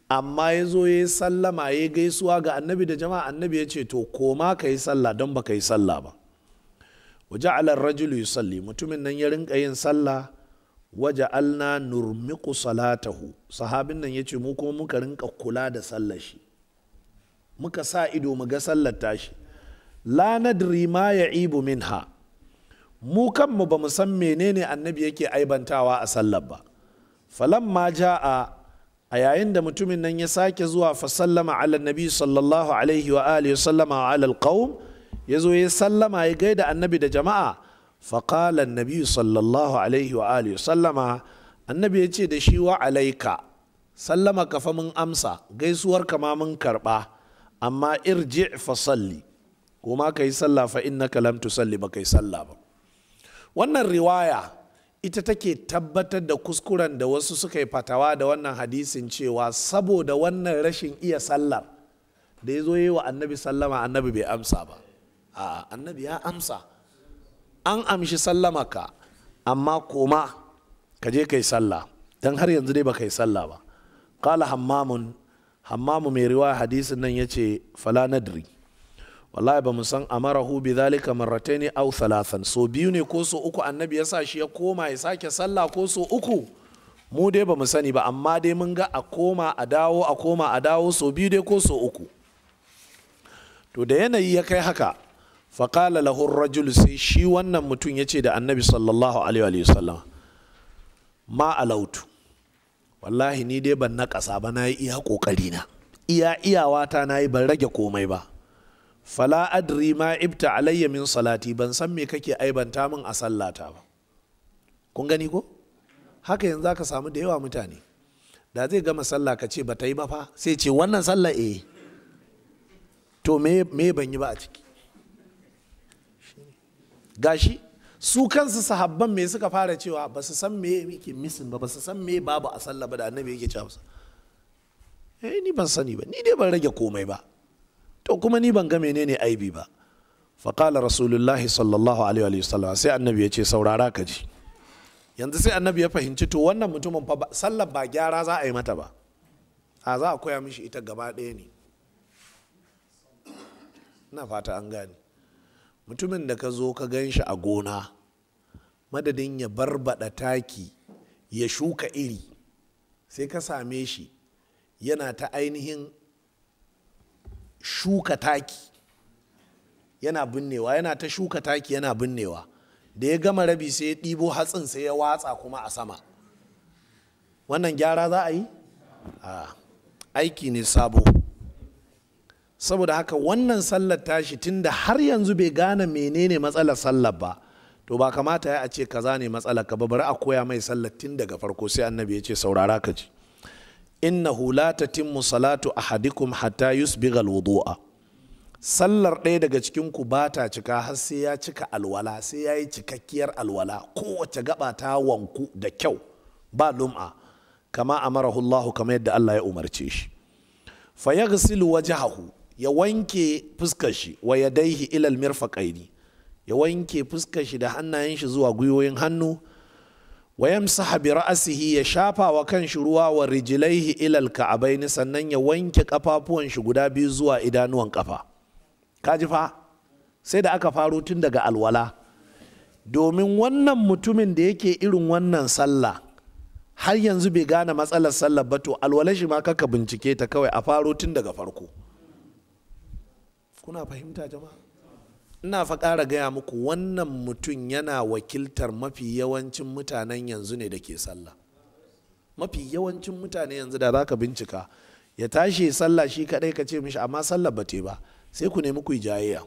amma ya zo ya yi sallama ya gaisuwa ga annabi da jama'a annabi ya ce to koma ka yi sallah don ba ka yi sallah ba waje alar rajulu salli. mutumin nan ya rinka yin sallah waja'alna nurmiku salatahu sahabin nan ya ce mu kuma muka rinka kula da sallar shi muka sa ido mu ga sallar tashi la nadri ma ya'ibu minha mu kanmu ba mu san menene annabi yake aibantawa a sallar ba ma ja'a a yayin da mutumin nan ya sake zuwa fa sallama ala nabi sallallahu alaihi wa alihi sallama ala alqaum yazo ya sallama ya gaida annabi da jama'a فقال النبي صلى الله عليه وآله وسلم النبي يجي دشي وعليك سلم كف من أمسى ورك ما من كربا أما ارجع فصلي وما كي صلى فإنك لم تصلي ما كي صلى wannan riwaya ita take tabbatar da kuskuren da wasu suka yi fatawa da wannan hadisin cewa saboda wannan rashin iya sallar da ya zo yi wa annabi sallama annabi bai amsa ba a annabi ya amsa an amshi sallamaka amma koma ka je kai sallah don har yanzu dai baka yi sallah ba kala hammamun hammamu mai riwaya hadisin nan yace fala nadri wallahi ba mu san amarahu bi zalika ne au thalathan so biyu ne ko so uku annabi ya sa shi ya koma ya sake sallah ko so uku mu dai ba mu sani ba amma dai mun ga a koma a dawo a koma a dawo so biyu dai ko so uku to da yanayi ya kai haka faƙala lahun rajul sai shi wannan mutum ya ce da annabi sallallahu alaihi wasallam ma alautu wallahi ni dai ban na ƙasa ba na yi iya ƙoƙari na iya ta na yi ban rage komai ba fala adri ma ibta alayya min salati ban san me kake aibanta min a sallata ba kun gani ko haka yanzu aka samu da yawa mutane da zai gama sallah ka ce ba ta yi ba fa sai ce wannan sallah eh to me ban yi ba a ciki gashi su kansu sahabban me suka fara cewa ba su san me yake misin ba ba su san me babu a sallah ba da annabi yake cewa eh ni ban sani ba ni dai ban rage komai ba to kuma ni ban ga menene aibi ba qala rasulullahi sallallahu alaihi wa sallam sai annabi ya ce saurara ka ji yanzu sai annabi ya fahimci to wannan mutumin fa sallah ba gyara za a yi mata ba a za a koya mishi ita gaba ɗaya ne na fata an gane mutumin da ka zo ka gan shi a gona madadin ya barbada taki ya shuka iri sai ka same shi yana ta ainihin shuka taki yana binnewa yana ta shuka taki yana binnewa da ya gama rabi sai ya ɗibo hatsin sai ya watsa kuma a sama wannan gyara za a yi aiki ne sabo saboda haka wannan sallar tashi tunda har yanzu bai gane menene matsalar sallar ba to ba kamata ya a ce kaza ne matsalar ka ba bari a koya mai sallar tun daga farko sai annabi ya ce saurara ka ji innahu la tatimmu salatu ahadikum hatta yusbigha alwudu'a sallar ɗaya daga cikin ku ba ta cika har sai ya cika alwala sai ya yi cikakkiyar alwala kowace gaba ta wanku da kyau ba lum'a kama amarahu Hullahu kamar yadda Allah ya umarce shi fa yaghsilu wajhahu ya wanke fuskar shi wa daihi ilal mirfaqaini ya wanke fuskar shi da hannayen shi zuwa gwiwoyin hannu wa yamsaha bi ra'sihi ya shafa wa kan shi ruwa wa rijlaihi ilal ka'abaini sannan ya wanke kafafuwan shi guda biyu zuwa idanuwan kafa kaji fa sai da aka faru tun daga alwala domin wannan mutumin da yake irin wannan sallah har yanzu bai gane matsalar sallar ba to alwala shi ma kaka bincike ta kawai a faro tun daga farko kuna fahimta jama'a ina fa ƙara gaya muku wannan mutum yana wakiltar mafi yawancin mutanen yanzu ne da ke sallah mafi yawancin mutane yanzu da za ka bincika ya tashi sallah shi kadai ka ce mishi amma sallah ba ba sai ku nemi ku yi jayayya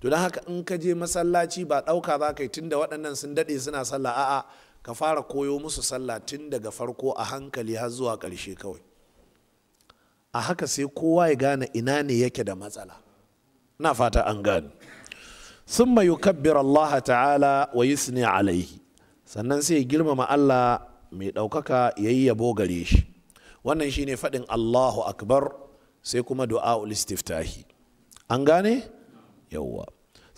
to don haka in ka je masallaci ba ɗauka za ka yi tunda waɗannan sun daɗe suna sallah a'a ka fara koyo musu sallah tun daga farko a hankali har zuwa ƙarshe kawai a haka sai kowa ya gane ina ne yake da matsala na fata an gane sun mai yukabbir Allah ta'ala wa ne alaihi sannan sai girmama Allah mai ɗaukaka ya yi yabo gare shi wannan shi ne faɗin Allahu akbar sai kuma du'a'ul istiftahi an gane yawwa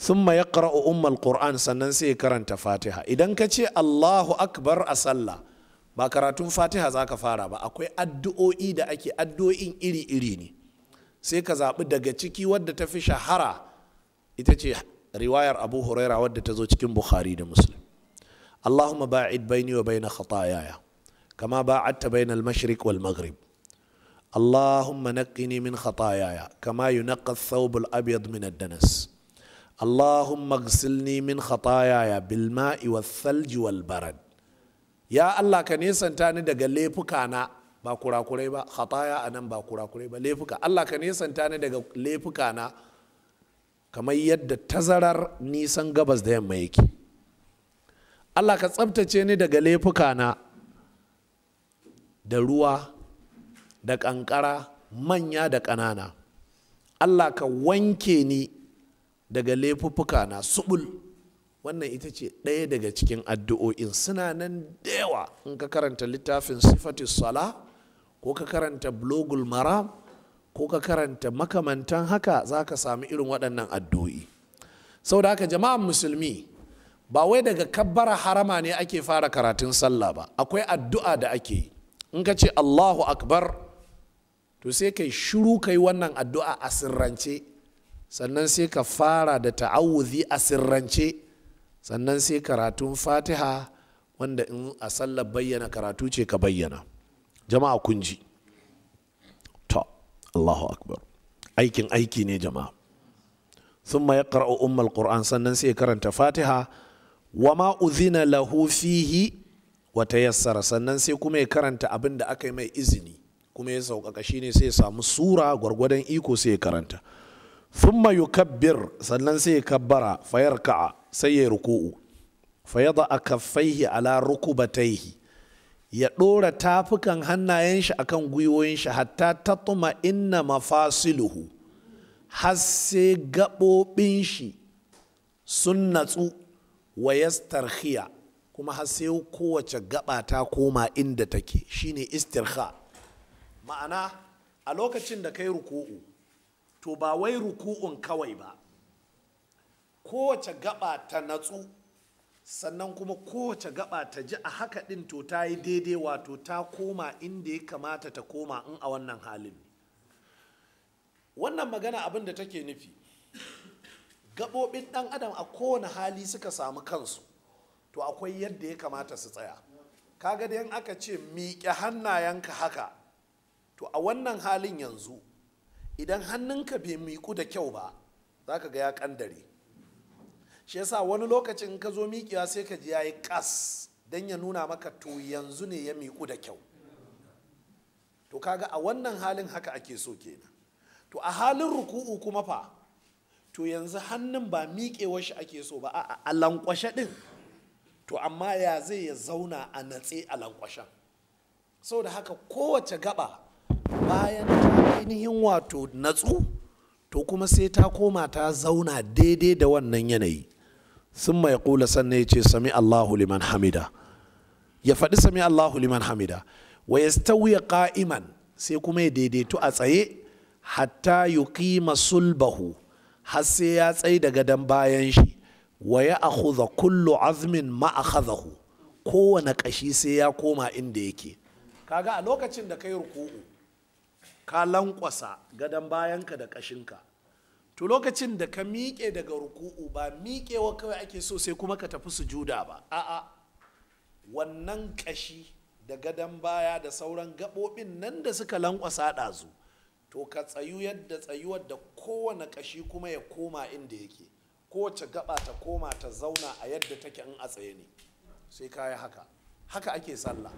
sun mai yaqra'u umar qur'an sannan sai karanta fatiha idan ka ce Allahu akbar a sallah ba karatun fatiha za ka fara ba akwai addu'o'i da ake addu'o'in iri-iri ne sai ka zaɓi daga ciki wadda ta fi shahara ita ce riwayar abu huraira wadda ta zo cikin bukhari da muslim allahumma ba'id baini wa baina khatayaya kama ba'adta baina al-mashriq wal maghrib اللهم نقني من خطاياي كما ينقى الثوب الابيض من الدنس اللهم اغسلني من خطاياي بالماء wal والبرد ya Allah ka nesanta ni daga laifuka na ba kurakurai ba khataya a nan ba kurakurai ba laifuka Allah ka nesanta ni daga laifuka na kamar yadda tazarar nisan gabas da yamma yake Allah ka tsabtace ni daga laifuka na da ruwa da ƙanƙara manya da ƙanana Allah ka wanke ni daga laifuka na subul wannan ita ce ɗaya daga cikin addu'o'in suna nan da yawa in ka karanta littafin sifati sala ko ka karanta blogul maram ko ka karanta makamantan haka za ka sami irin waɗannan addu'o'i Sau da haka jama'an musulmi ba wai daga kabbara harama ne ake fara karatun sallah ba akwai addu'a da ake yi in ka ce allahu akbar to sai kai shiru ka wannan addu'a a sirrance sannan sai ka fara da ta'awuzi a sirrance sannan sai karatun fatiha wanda in a sallar bayyana karatu ce ka bayyana jama'a kun ji to allahu akbar aikin aiki ne jama'a sun ma ya ƙara'u ummar ƙur'an sannan sai karanta fatiha wa ma uzina lahu fihi wa tayassara sannan sai kuma ya karanta abin da aka yi mai izini kuma ya sauƙaƙa shi ne sai ya samu sura gwargwadon iko sai ya karanta thumma yukabbir sannan sai ya kabbara fayar ka'a sai ya ruku'u fa yada akaffaihi ala rukubataihi ya ɗora tafukan hannayen shi akan gwiwoyin shi hatta tatuma inna mafasiluhu har sai gaɓoɓin shi sun natsu wa yastarkhiya kuma har sai kowace gaɓa ta koma inda take shine istirha ma'ana a lokacin da kai ruku'u to ba wai ruku'un kawai ba kowace gaba ta natsu sannan kuma kowace gaba ta ji a haka ɗin to ta yi daidai wato ta koma inda ya kamata ta koma in a wannan halin wannan magana abin da take nufi gaɓoɓin ɗan adam a kowane hali suka samu kansu to akwai yadda ya kamata su tsaya kaga da yan aka ce miƙe hannayenka haka to a wannan halin yanzu idan hannunka bai miƙu da kyau ba za ka ga ya ƙandare shi yasa wani lokacin ka zo miƙewa sai ka ji yayi ƙas don ya nuna maka to yanzu ne ya miƙu da kyau to kaga a wannan halin haka ake so kenan to a halin ruku'u kuma fa to yanzu hannun ba miƙewar shi ake so ba a lankwashe ɗin to amma ya zai ya zauna a natse a lankwashen saboda haka kowace gaba bayan ta ainihin wato natsu to kuma sai ta koma ta zauna daidai da wannan yanayi sun mai kula sannan ya ce sami Allahu liman hamida ya faɗi sami Allahu liman hamida wa ya sai kuma ya daidaitu a tsaye hatta yuqima sulbahu har sai ya tsaye da gadon bayan shi wa ya akhudha kullu azmin ma akhadahu kowane kashi sai ya koma inda yake kaga a lokacin da kai ruku'u ka lankwasa gadon bayanka da kashinka to lokacin da ka miƙe daga ruku'u ba miƙewa kawai ake so sai kuma ka tafi sujuda ba a'a wannan ƙashi da gadon baya da sauran gaɓoɓin nan da suka lankwasa ɗazu to ka tsayu yadda tsayuwar da kowane ƙashi kuma ya koma inda yake kowace gaɓa ta koma ta zauna a yadda take in a tsaye ne sai ka yi haka haka ake sallah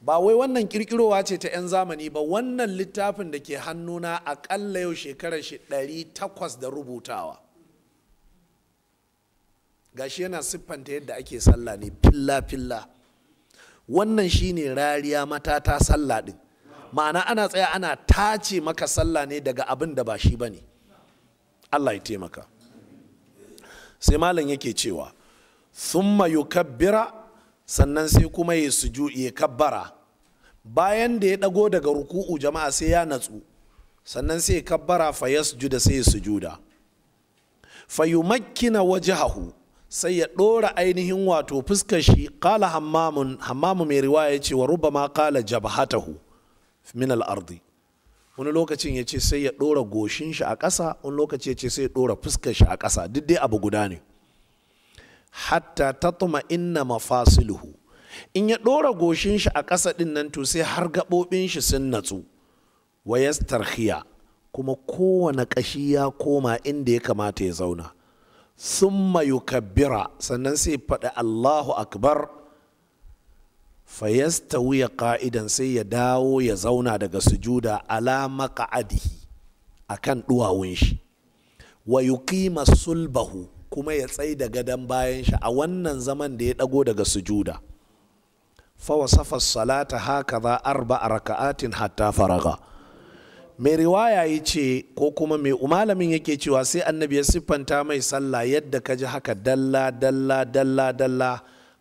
ba wai wannan kirkirowa ce ta 'yan zamani ba wannan littafin da ke hannuna aƙalla yau shekarar shi takwas da rubutawa gashi yana siffanta yadda ake sallah ne filla-filla wannan shine rariya matata sallah din ma'ana ana tsaya ana tace maka sallah ne daga abin da ba shi ba ne allah ya taimaka sai malam yake cewa summa yukabbira sannan sai kuma ya suju ya kabbara bayan da ya dago daga ruku'u jama'a sai ya natsu sannan sai ya kabbara fa ya sujuda sai ya sujuda fa yumakkina wajhahu sai ya ɗora ainihin wato fuskar shi kala hammamun hammamu mai riwaya ya ce wa rubama kala jabhatahu min al-ardi wani lokacin ya ce sai ya ɗora goshin shi a ƙasa wani lokacin ya ce sai ya ɗora fuskar shi a ƙasa duk dai abu guda ne hatta tatma inna mafasiluhu in ya ɗora goshin shi a ƙasa ɗin nan to sai har gaɓoɓin shi sun natsu wayas tarhiya kuma kowane ƙashi ya koma inda ya kamata ya zauna summa yukabbira sannan sai faɗi allahu akbar wuya ƙa'idan sai ya dawo ya zauna daga sujuda ala maka'adihi a kan ɗuwawun shi wa yuqima sulbahu kuma ya tsai da gadon bayan shi a wannan zaman da ya dago daga sujuda safar salata haka za arba a raka'atin hatta faraga mai riwaya ya ce ko kuma mai umalamin yake cewa sai annabi ya siffanta mai sallah yadda ka ji haka dalla dalla dalla dalla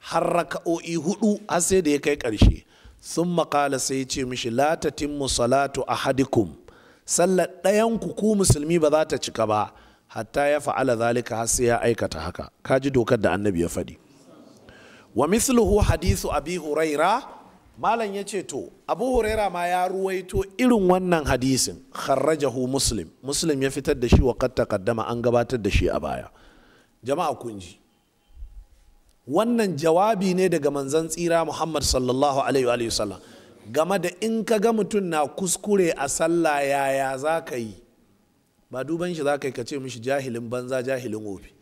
har raka'o'i hudu har sai da ya kai ƙarshe sun makala sai ce mishi latatin salatu ahadikum sallar ɗayan ku ku musulmi ba za ta cika ba hatta ya fa'ala zalika har sai ya aikata haka kaji dokar da annabi ya faɗi wa misluhu hadithu abi huraira malam ya ce to abu huraira ma ya ruwaito irin wannan hadisin kharrajahu muslim muslim ya fitar da shi wa qad taqaddama an gabatar da shi a baya jama'a kun ji wannan jawabi ne daga manzon tsira muhammad sallallahu alaihi wa sallam game da in ka ga mutum na kuskure a sallah yaya za ka yi ba duban shi za ka yi ka ce mishi jahilin banza jahilin wofi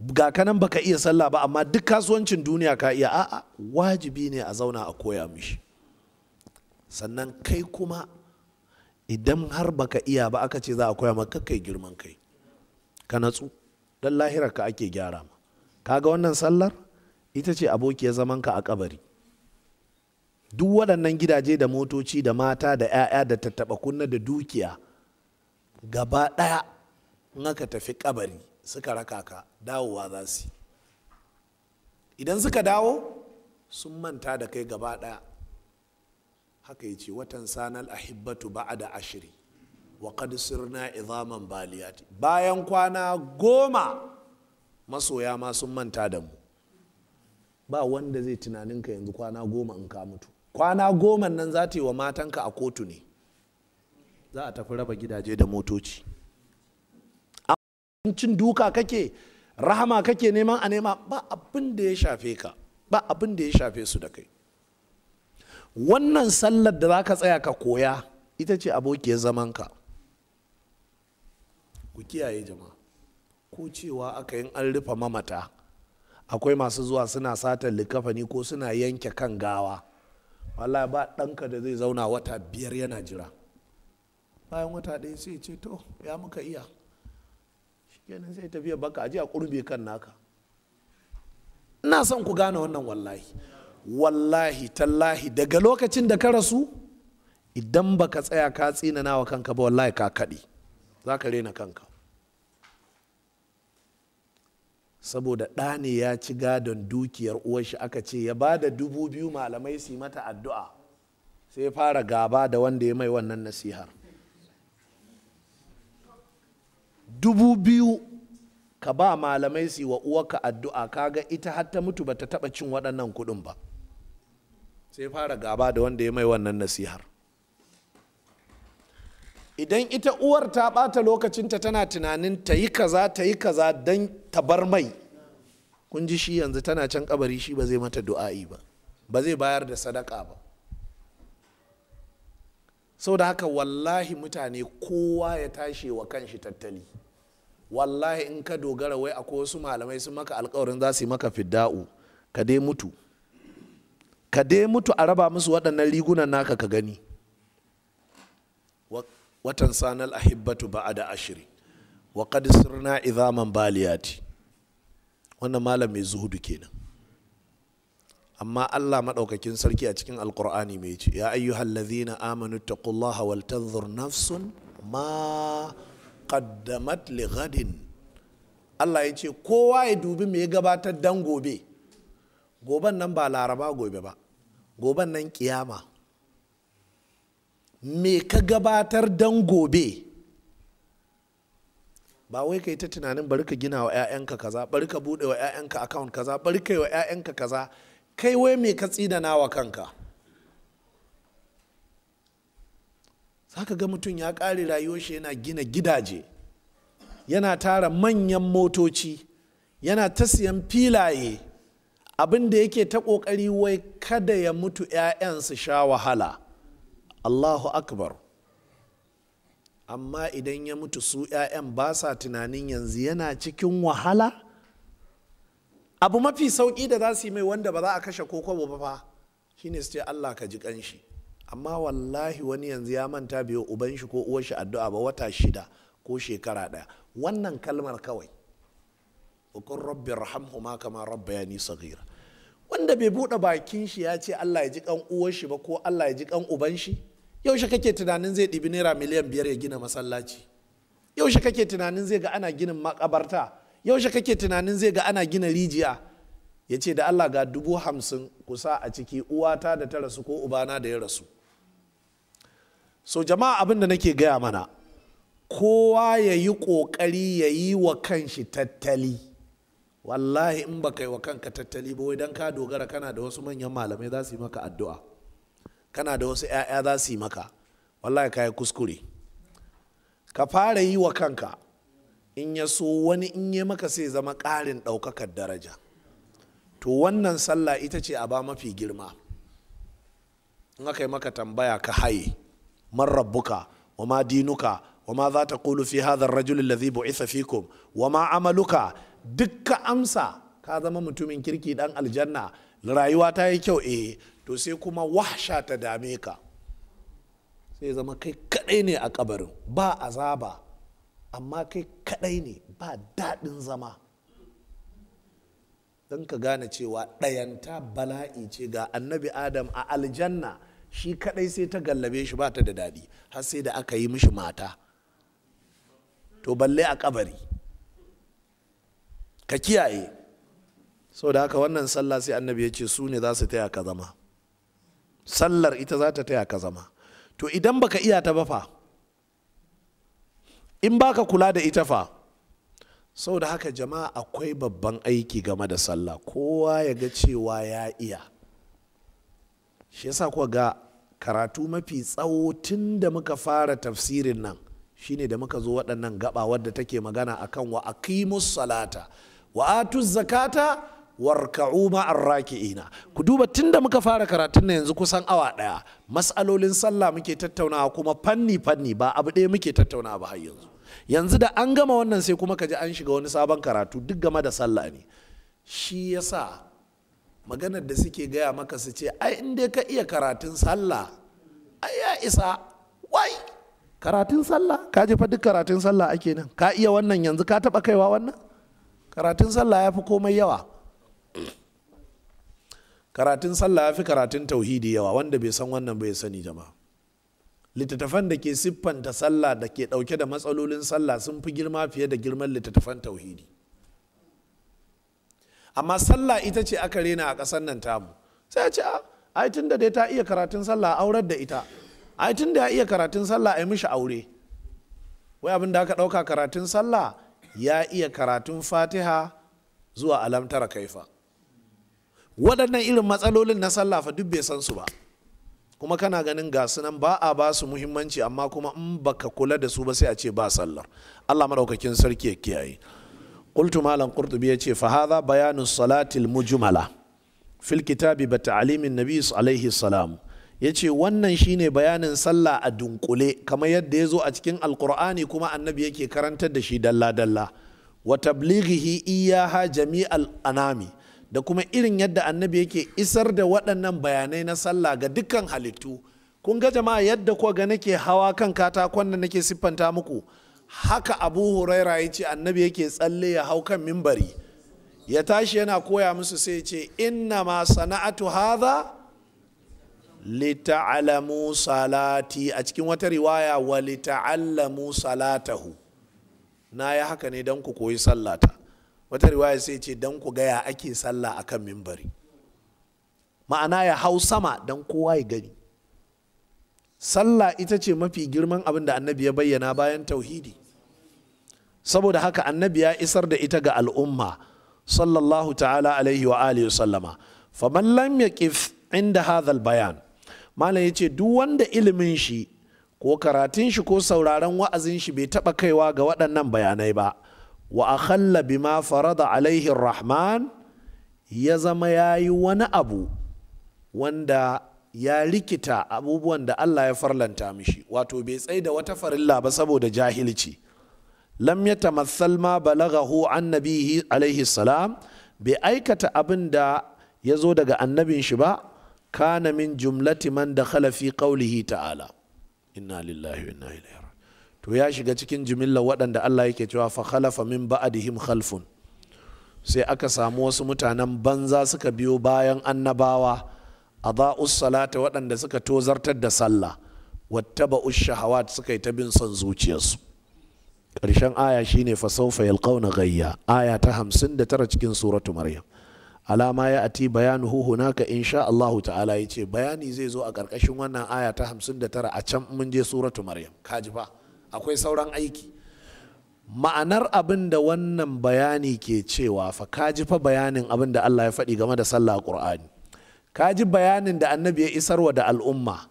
ga kanan baka iya sallah ba amma duk kasuwancin duniya ka iya a'a wajibi ne a zauna a koya mishi sannan kai kuma idan har baka iya ba aka ce za a koya maka kai girman kai ka natsu don lahirar ka ake gyara ma kaga wannan sallar ita ce abokiyar zaman ka a kabari duk waɗannan gidaje da motoci da mata da 'ya'ya da tattaɓa kunna da dukiya gaba ɗaya in aka tafi kabari suka raka ka dawowa za su idan suka dawo sun manta da kai gaba ɗaya haka ya ce watan sanal ahibbatu ba'ada ashiri wa qad sirna izaman baliyati bayan kwana goma masoya ma sun manta da mu ba wanda zai tunaninka yanzu kwana goma in ka mutu kwana goma nan za ta yi wa matanka a kotu ne za a tafi raba gidaje da motoci cin duka kake rahama kake neman a nema ba abin da ya shafe ka ba abin da ya shafe su da kai wannan sallar da za ka tsaya ka koya ita ce abokiyar zamanka ku kiyaye jama'a ko cewa aka yin an rufe mamata akwai masu zuwa suna satar likafani ko suna yanke kan gawa wallahi ba ɗanka da zai zauna wata biyar yana jira bayan wata ɗaya sai ce to ya muka iya shikenan sai tafiya baka aji a kurbe kan naka ina son ku gane wannan wallahi wallahi tallahi daga lokacin da ka rasu idan baka tsaya ka tsina nawa kanka ba wallahi ka kaɗi za ka rena kanka saboda ɗa ne ya ci gadon dukiyar shi aka ce ya ba da dubu biyu malamai su mata addu'a sai fara gaba da wanda ya mai wannan nasihar dubu biyu ka ba malamai su wa uwarka addu'a ka ga ita har ta mutu ta taba cin waɗannan kuɗin ba sai fara gaba da wanda ya mai wannan nasihar idan ita uwar ta ɓata lokacinta tana tunanin ta yi kaza ta yi kaza don ta bar mai kun ji shi yanzu tana can kabari shi ba zai mata du'a'i ba ba zai bayar da sadaka ba sau da haka wallahi mutane kowa ya tashi wa kanshi tattali wallahi in ka dogara wai akwai wasu malamai sun maka alkawarin za su yi maka fidda'u ka dai mutu ka dai mutu a raba musu waɗannan rigunan naka ka gani watan sanal ahibbatu da ashiri wa qad sirna idhaman baliyati wannan malam mai zuhudu kenan amma Allah maɗaukakin sarki a cikin alkur'ani mai ce ya ayyuhallazina amanu taqullaha wal tanzur nafsun ma qaddamat li ghadin Allah ya ce kowa ya dubi me ya gabatar dan gobe goban nan ba laraba gobe ba goban nan kiyama me ka gabatar dan gobe ba wai kai ta tunanin bari ka gina wa 'ya'yanka kaza bari ka buɗe wa 'ya'yanka account kaza bari ka yi wa 'ya'yanka kaza kai wai me ka tsidana wa kanka zaka ga mutum ya ƙare rayuwarshi yana gina gidaje yana tara manyan motoci yana ta siyan filaye abin da yake ta ƙoƙari wai kada ya mutu 'ya'yan su sha wahala allahu akbar amma idan ya mutu su 'ya'yan ba sa tunanin yanzu yana cikin wahala abu mafi sauƙi da za su yi mai wanda ba za a kashe ko kwabo ba fa shine su ce allah ka ji ƙanshi amma wallahi wani yanzu ya manta bai uban shi ko uwar shi addu'a ba wata shida ko shekara ɗaya wannan kalmar kawai ukun rabbi rahamhuma kama nisa saghira wanda bai buɗe bakin shi ya ce Allah ya ji kan uwar shi ba ko Allah ya ji kan uban shi yaushe kake tunanin zai ɗibi naira miliyan biyar ya gina masallaci yaushe kake tunanin zai ga ana ginin makabarta yaushe kake tunanin zai ga ana gina rijiya ya ce da Allah ga dubu hamsin kusa a ciki uwata da ta rasu ko ubana da ya rasu so jama'a abin da nake gaya mana kowa ya yi ƙoƙari ya yi wa kanshi tattali wallahi in baka yi wa kanka tattali ba wai ka dogara kana da wasu manyan malamai za su yi maka addu'a kana da wasu 'ya'ya za su yi maka wallahi ka yi kuskure ka fara yi wa kanka in ya so wani in ya maka sai zama ƙarin ɗaukakar daraja to wannan sallah ita ce a ba mafi girma in aka yi maka tambaya ka haye man rabbuka wa ma dinuka wa ma za ta kulu fi hadha rajulin lazi bu'itha fikum wa ma amaluka dukka amsa ka zama mutumin kirki dan aljanna rayuwa ta yi kyau eh to sai kuma wahsha ta dame ka sai zama kai kadai ne a kabarin ba azaba amma kai kadai ne ba daɗin zama don ka gane cewa ɗayanta bala'i ce ga annabi adam a aljanna shi kadai sai ta gallabe shi ba ta da daɗi har sai da aka yi mishi mata to balle a kabari ka kiyaye sau da haka wannan sallah sai annabi ya ce su ne za su taya ka zama sallar ita za ta taya ka zama to idan baka iya ta ba fa in baka kula da ita fa sau da haka jama'a akwai babban aiki game da sallah kowa ya ga cewa ya iya shi yasa kuwa ga karatu mafi tsawo tun da muka fara tafsirin nan shine da muka zo waɗannan gaba wadda take magana akan wa aqimus salata wa zakata warka'u ma'ar raki'ina ku duba tun da muka fara karatun na yanzu kusan awa ɗaya matsalolin sallah muke tattaunawa kuma fanni fanni ba abu ɗaya muke tattaunawa ba har yanzu yanzu da an gama wannan sai kuma ka ji an shiga wani sabon karatu duk game da sallah ne shi yasa maganar da suke gaya maka su ce ai in dai ka iya karatun sallah ai ya isa wai karatun sallah ka jefa duk karatun sallah ake nan ka iya wannan yanzu ka taba kaiwa wannan karatun sallah ya fi komai yawa karatun sallah ya fi karatun tauhidi yawa wanda bai san wannan bai sani jama'a littattafan da ke siffanta sallah da ke dauke da matsalolin sallah sun fi girma fiye da girman littattafan tauhidi amma sallah ita ce aka rena a ƙasar nan tamu sai a ce a ah, ai tun da dai ta iya karatun sallah aurar da ita ai tun da ya iya karatun sallah ai mishi aure wai abin da aka ɗauka karatun sallah ya iya karatun fatiha zuwa alamtara kaifa waɗannan irin matsalolin na sallah fa duk bai san su ba kuma kana ganin ga nan ba a ba su muhimmanci amma kuma in baka kula da su ba sai a ce ba sallar allah maɗaukakin sarki ya kiyaye qultu malam qurtubi yace fa bayanin bayanu salatil mujmala fil kitabi ba ta'alimin nabi alaihi salam yace wannan shine bayanin sallah a dunkule kamar yadda ya zo a cikin alqur'ani kuma annabi yake karantar da shi dalla dalla wa tablighihi iyaha jami'al anami da kuma irin yadda annabi yake isar da waɗannan bayanai na sallah ga dukkan halittu kun ga jama'a yadda koga nake hawa kan katakon da nake siffanta muku haka abu huraira ya ce annabi yake tsalle ya hau kan mimbari ya tashi yana koya musu sai ce inna ma sana'atu hadha lita'alamu salati a cikin wata riwaya wa lita'allamu salatahu na ya haka ne don ku koyi sallata wata riwaya sai ce don ku gaya ake sallah a kan mimbari ma'ana ya hau sama don kowa ya gani sallah ita ce mafi girman abin da annabi ya bayyana bayan tauhidi saboda haka annabi ya isar da ita ga al'umma sallallahu ta'ala alaihi wa alihi sallama faman lam yaqif inda hadha bayan malam yace duk wanda ilimin shi ko karatun shi ko sauraron wa'azin shi bai taba kaiwa ga waɗannan bayanai ba wa akhalla bima farada alaihi rahman ya zama yayi wani abu wanda ya rikita abubuwan da Allah ya farlanta mishi wato bai tsaida wata farilla ba saboda jahilci lam ya tamassal ma balagahu annabihi alaihi salam bai aikata abin da ya zo daga annabin shi ba kana min jumlati man da fi qawlihi ta'ala inna lillahi wa inna ilaihi to ya shiga cikin jimillar waɗanda Allah yake cewa fa khalafa min ba'dihim khalfun sai aka samu wasu mutanen banza suka biyo bayan annabawa adha'us salata waɗanda suka tozartar da sallah wattaba'us shahawat suka yi ta bin son zuciyarsu ƙarshen aya shine fa sawfa gayya. gayya aya ta hamsin da tara cikin suratu maryam alama ya ati huhu naka insha allahu ta'ala ya ce bayani zai zo a ƙarƙashin wannan aya ta hamsin da tara a can mun je suratu maryam kaji ba akwai sauran aiki ma'anar abin da wannan bayani ke cewa fa kaji fa bayanin abin da Allah ya faɗi game da sallah Qur'ani kaji bayanin da annabi ya isarwa da al'umma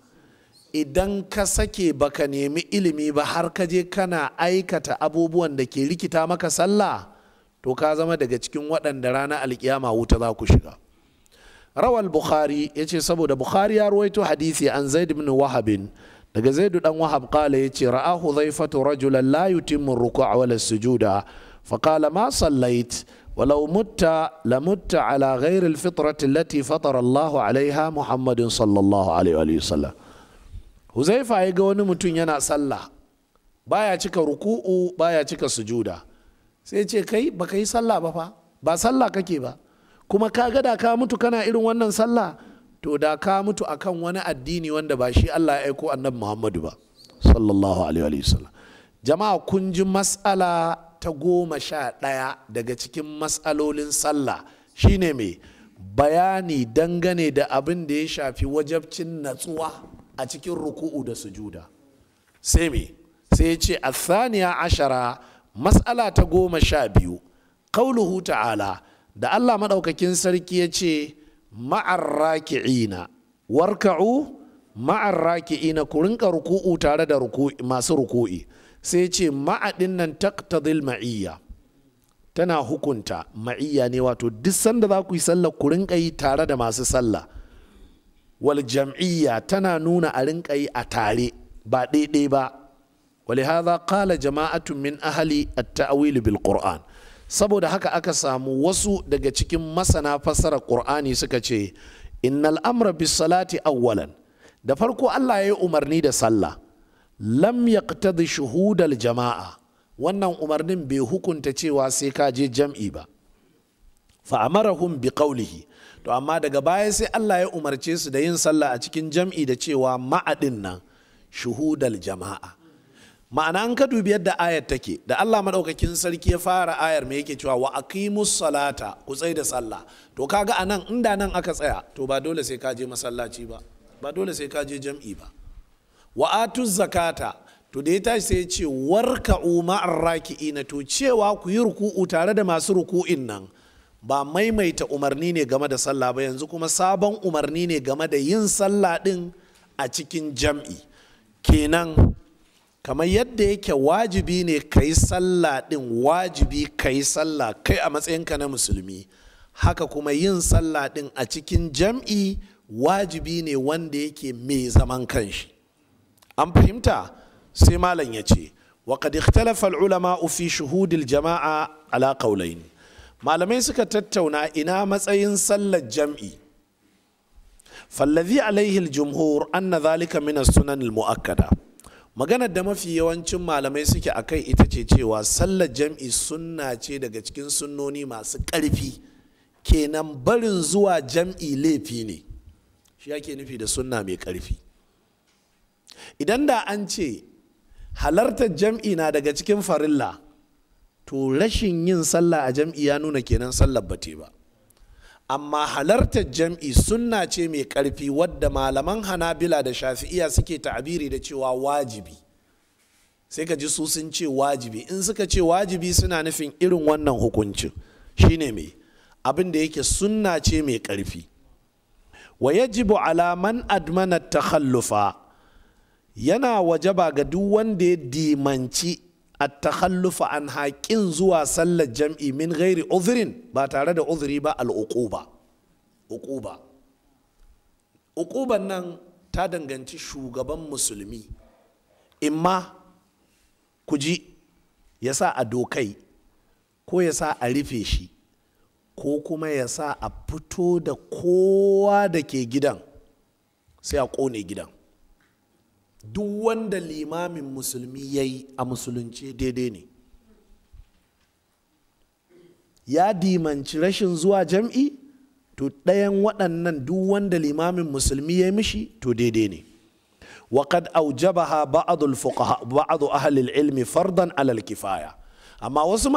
idan ka sake baka nemi ilimi ba har ka je kana aikata abubuwan da ke rikita maka sallah to ka zama daga cikin waɗanda rana alkiyama wuta za ku shiga rawal bukhari ya ce saboda bukhari ya ruwaito hadisi an zaid bin wahabin daga zaidu dan wahab kala ya ce ra'ahu zaifatu rajulan la yutimmu ruku'a wala sujuda فقال ma sallait ولو مت لمت على غير الفطرة التي فطر الله عليها محمد صلى الله عليه وآله وسلم huzaifa ya ga wani mutum yana sallah baya cika ruku'u baya cika sujuda sai ce kai ba ka yi sallah ba fa ba sallah kake ba kuma ka ga da ka mutu kana irin wannan sallah to da ka mutu akan wani addini wanda ba shi Allah ya aiko annabi Muhammadu ba sallallahu alaihi wa sallam. jama'a kun ji mas'ala ta goma sha ɗaya daga cikin mas'alolin sallah shine me bayani dangane da abin da ya shafi wajabcin natsuwa a cikin ruku'u da sujuda sai me sai ce athaniya ashara mas'ala ta goma sha biyu kauluhu ta'ala da Allah maɗaukakin sarki ya ce ma'ar raki'ina warka'u ma'ar raki'ina ku rinka ruku'u tare da masu ruku'i sai ce ma'adin nan taqtadil ma'iyya tana hukunta ma'iyya ne wato duk sanda za ku yi sallah ku rinka yi tare da masu sallah wal jam'iyya tana nuna a rinka a tare ba daidai ba ولهذا قال min من a التأويل بالقرآن saboda haka aka samu wasu daga cikin masana fassara ƙur'ani suka ce innal amra bis salati awwalan da farko Allah ya yi umarni da sallah lam yaqtadi shuhudal jama'a wannan umarnin bai hukunta cewa sai ka je jam'i ba fa amarahum bi qawlihi to amma daga baya sai Allah ya umarce su da yin sallah a cikin jam'i da cewa ma'adin nan shuhudal jama'a ma'ana an ka dubi yadda ayar take da Allah madaukakin sarki ya fara ayar me yake cewa wa aqimus salata ku tsai da sallah to kaga anan inda nan aka tsaya to ba dole sai ka je masallaci ba ba dole sai ka je jam'i ba wa atuz zakata to da ya tashi sai ya ce warka'u ma'ar raki'ina to cewa ku yi ruku'u tare da masu ruku'in nan ba maimaita umarni ne game da sallah ba yanzu kuma sabon umarni ne game da yin sallah din a cikin jam'i kenan kamar yadda yake wajibi ne ka yi sallah din wajibi ka yi sallah kai a matsayinka na musulmi haka kuma yin sallah din a cikin jam'i wajibi ne wanda yake mai zaman kanshi an fahimta sai malam ya ce wa qad ulama ufi shuhudil jama'a ala qawlayn malamai suka tattauna ina matsayin sallar jam'i fallazi alaihi jumhur anna zalika min sunan muakkada maganar da mafi yawancin malamai suke a kai ita ce cewa sallar jam'i sunna ce daga cikin sunnoni masu ƙarfi kenan barin zuwa jam'i laifi ne shi yake nufi da sunna mai ƙarfi idan da an ce halartar jam'i na daga cikin farilla to rashin yin sallah a jam'i ya nuna kenan sallah ba ba amma halartar jam'i sunna ce mai karfi wadda malaman hanabila da shafi'iya suke ta'abiri da cewa wajibi sai ka ji su sun ce wajibi in suka ce wajibi suna nufin irin wannan hukuncin shine mai abin da yake sunna ce mai karfi wa yajibu ala man admana takhallufa yana wajaba ga duk wanda ya dimanci a takhallufa an haƙin zuwa sallar jam'i min gairi uzrin ba tare da uzuri ba al'uquba uquba uquba uquban nan ta danganci shugaban musulmi imma ku ji ya sa a dokai ko ya sa a rufe shi ko kuma ya sa a fito da kowa da ke gidan sai a ƙone gidan duk wanda limamin musulmi ya yi a musulunci daidai ne ya dimanci rashin zuwa jam'i to ɗayan waɗannan duk wanda limamin musulmi ya yi mishi to daidai ne وقد أوجبها بعض الفقهاء بعض أهل العلم فرضا على الكفاية أما ce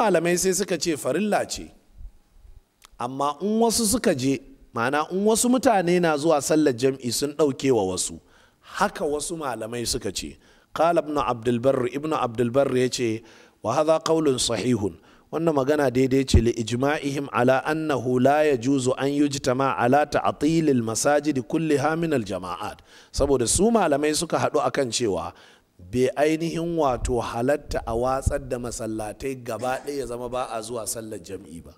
farilla يسيسك amma in wasu suka je mana in wasu mutane na zuwa sallar jam'i sun ɗauke wa wasu. haka wasu malamai suka ce qala ibn abdul barr ibn abdul barr yace wa hadha qawlun sahihun wannan magana daidai ce li ijma'ihim ala annahu la yajuzu an yujtama ala ta'til al masajid kulliha min al jama'at saboda su malamai suka hadu akan cewa bai ainihin wato halatta a watsar da masallatai gaba ɗaya ya zama ba a zuwa sallar jam'i ba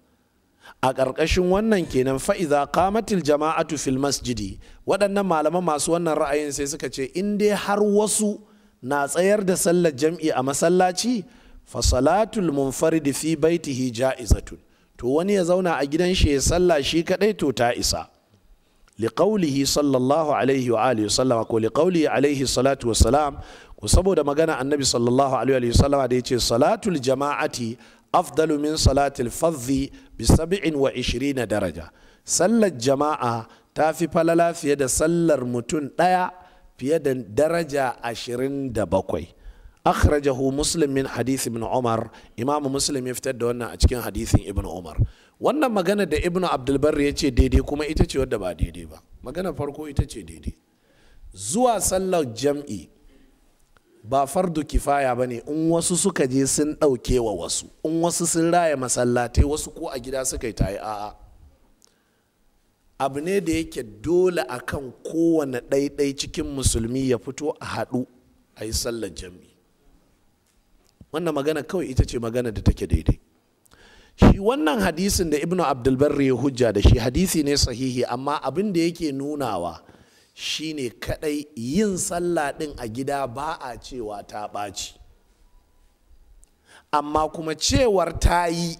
a ƙarƙashin wannan kenan fa'iza kamatil jama'atu fil masjidi waɗannan malaman masu wannan ra'ayin sai suka ce in dai har wasu na tsayar da sallar jam'i a masallaci fa salatul munfaridi fi baitihi ja'izatun to wani ya zauna a gidan shi ya salla shi kaɗai to ta isa Liƙaulihi sallallahu alaihi wa alihi wasallam ko liqaulihi alaihi salatu wassalam ko saboda magana annabi sallallahu alaihi wa sallam da yace salatul jama'ati afdalu min salatil fadhi bi sab'in wa ishirina daraja sallar jama'a ta fi falala fiye da sallar mutum ɗaya fiye da daraja ashirin da bakwai akhrajahu muslim min hadith umar imamu muslim ya fitar da wannan a cikin Hadisin ibn umar wannan magana da ibn abdulbar ya ce daidai kuma ita ce wadda ba daidai ba Maganar farko ita ce daidai zuwa sallar jam'i ba fardu kifaya ba ne in wasu suka je sun ɗauke wa wasu in wasu sun raya masallatai wasu ko a gida suka yi tayi a'a abu ne da yake dole akan kowane ɗaiɗai cikin musulmi ya fito a haɗu a yi sallar jami wannan magana kawai ita ce magana da take daidai shi wannan hadisin da ibnu abdulbarri ya hujja da shi hadisi ne sahihi amma abin da yake nunawa shine kadai yin sallah din a gida ba a cewa ta ɓaci amma kuma cewar ta yi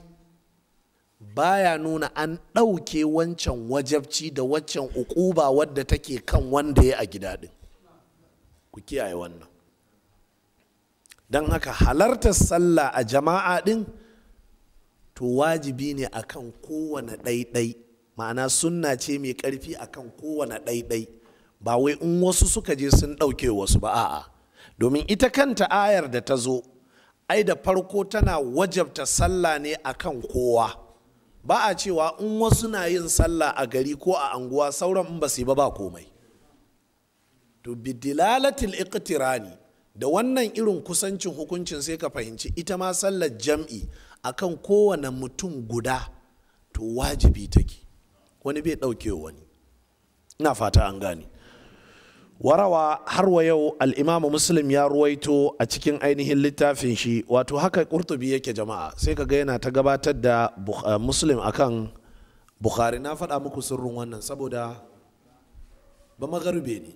baya nuna an ɗauke wancan wajabci da waccan ukuba wadda take kan wanda ya a gida din ku kiyaye wannan don haka halartar sallah a jama'a din to wajibi ne akan kowane ɗaiɗai ma'ana sunna ce mai ƙarfi akan kowane ɗaiɗai ba wai in wasu suka je sun ɗauke wasu ba a'a domin ita kanta ayar da ta zo ai da farko tana wajabta sallah ne akan kowa ba a cewa in wasu na yin sallah a gari ko a anguwa sauran in ba su ba ba komai to bidilalatil iqtirani da wannan irin kusancin hukuncin sai ka fahimci ita ma sallar jam'i akan kowane mutum guda to wajibi take wani bai ɗauke wani ina fata an gane warawa har wa yau al'imamu muslim ya ruwaito a cikin ainihin littafin shi wato haka kurtubi yake jama'a sai ka ga yana ta gabatar da eh, muslim akan bukhari na faɗa muku sirrin wannan saboda ba magarbe ne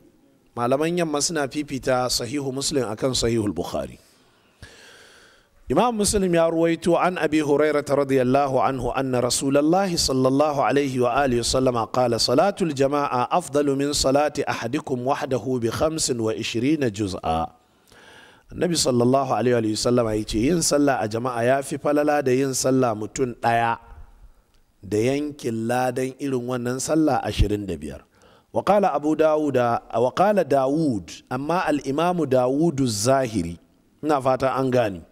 malaman yamma suna fifita sahihu muslim akan sahihul bukhari imam muslim ya ruwaito an abi hurairata radiyallahu anhu anna rasulallahi sallallahu alaihi wa alihi sallama qala salatul jama'a afdalu min salati ahadikum wahdahu bi khamsin wa ishirina juz'a annabi sallallahu alaihi wa sallam yace yin sallah a jama'a yafi falala da yin sallah mutun daya da yankin ladan irin wannan sallah ashirin da biyar وقال أبو داود وقال داود أما الإمام داود الزاهري نافاتا أنغاني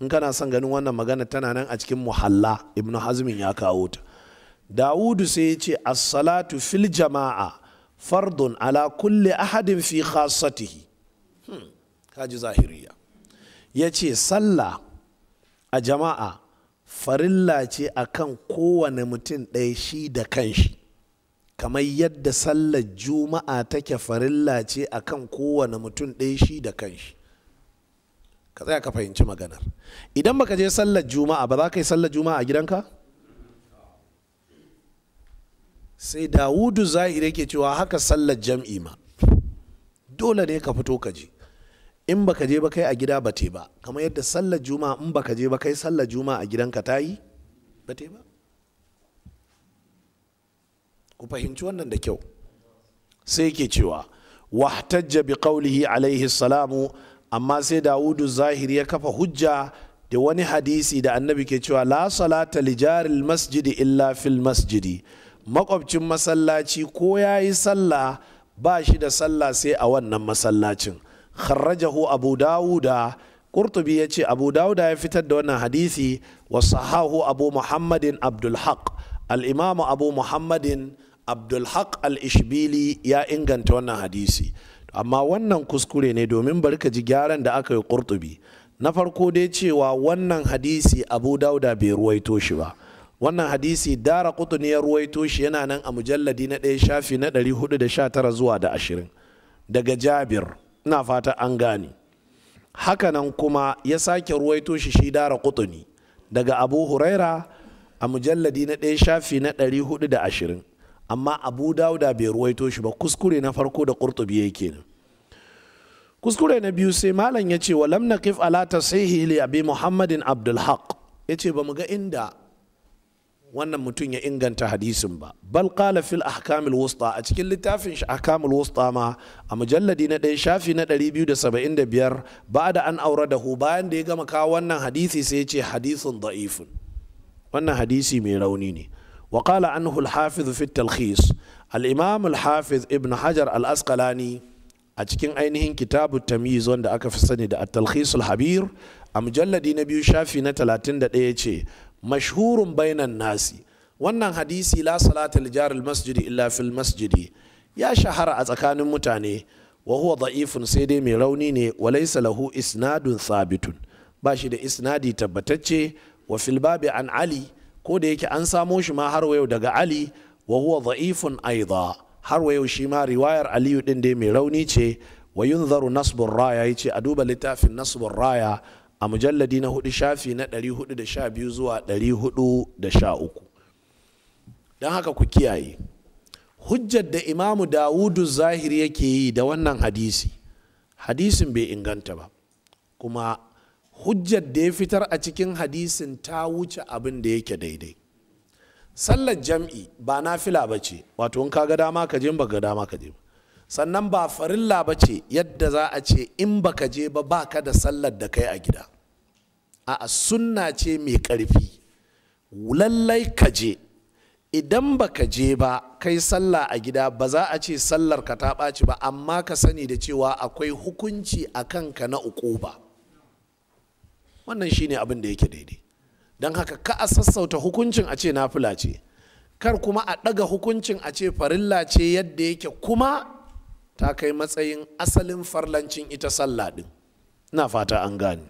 in kana son ganin wannan magana tana nan a cikin muhalla ibnu hazmin ya kawo ta dawudu sai ya ce as-salatu fil jama'a fardun ala kulli ahadin fi khassatihi hmm, kaji zahiriya ya ce sallah a jama'a farilla ce akan kowane mutum ɗaya shi da kanshi kamar yadda sallar juma'a take farilla ce akan kowane mutum ɗaya shi da kanshi ka tsaya ka fahimci maganar idan baka je sallar juma'a ba za ka yi sallar juma'a a gidanka sai dawudu zahiri ke cewa haka sallar jam'i ma dole ne ka fito ka je in baka je ba kai a gida ba te ba kamar yadda sallar juma'a in baka je ba kai sallar juma'a a gidanka ta yi ba te ba ku fahimci wannan da kyau sai yake cewa wahtajja bi qawlihi alaihi salamu amma sai dawudu zahiri ya kafa hujja da wani hadisi da annabi ke cewa la salata li jaril masjidi illa fil masjidi makwabcin masallaci ko ya yi sallah ba shi da sallah sai a wannan masallacin kharrajahu abu dawuda kurtubi ya ce abu dawuda ya fitar da wannan hadisi wa sahahu abu muhammadin abdulhaq al'imamu abu muhammadin abdulhaq al-ishbili ya inganta wannan hadisi amma wannan kuskure ne domin bari ka ji gyaran da aka yi kurtubi na farko dai cewa wannan hadisi abu dauda bai ruwaito shi ba wannan hadisi dara kutuniyar ya ruwaito shi yana nan a mujalladi na ɗaya shafi na 419 zuwa da ashirin daga jabir ina fata an gane hakanan kuma ya sake ruwaito shi shi dara kutuni daga abu huraira a mujalladi na ɗaya shafi na 420 amma abu dauda bai ruwaito shi ba kuskure na farko da qurtubi yake nan kuskure na biyu sai malam ya ce wa lam naqif ala tasihi li abi muhammadin abdul haq yace ba mu ga inda wannan mutum ya inganta hadisin ba bal qala fil ahkamil wusta a cikin littafin shi ahkamil wusta ma a mujalladi na ɗaya shafi na 275 da an hu bayan da ya gama kawo wannan hadisi sai ya ce hadisin da'ifun wannan hadisi mai rauni ne وقال عنه الحافظ في التلخيص الإمام الحافظ ابن حجر الأسقلاني أتكين أينهن كتاب التمييز وند أكف سند التلخيص الحبير أمجلد نبي شافي نتلاتين ce مشهور بين الناس wannan hadisi la salata li jaril masjidi illa fil masjidi ya shahara a tsakanin mutane wa huwa da'ifun sai dai mai rauni ne wa laysa lahu isnadun sabitun ba shi da isnadi tabbatacce wa Filbabi an ali ko da yake an samo shi ma har wayo daga ali wa huwa dha'ifun aidha har wayo shi ma riwayar aliyu din dai mai rauni ce wa yunzaru nasbur raya yace a duba littafin nasbur raya a mujalladi na hudu shafi na 412 zuwa 413 dan haka ku kiyaye hujjar da imamu dawudu zahiri yake yi da wannan hadisi hadisin bai inganta ba kuma hujjar da ya fitar a cikin hadisin ta wuce abin da yake daidai sallar jam'i ba na fila ba ce wato in kaga dama ka je ba ga dama ka je sannan ba farilla ba ce yadda za a ce in ba ka je ba ba ka da sallar da kai a gida a sunna ce mai ƙarfi lallai ka je idan ba ka je ba kai sallah a gida ba za a ce sallar ka ta ɓaci ba amma ka sani da cewa akwai hukunci a kanka na uku ba wannan shine abin da yake daidai don haka ka a sassauta hukuncin a ce nafila ce kar kuma a ɗaga hukuncin a ce farilla ce yadda yake kuma ta kai matsayin asalin farlancin ita sallah ɗin na fata an gane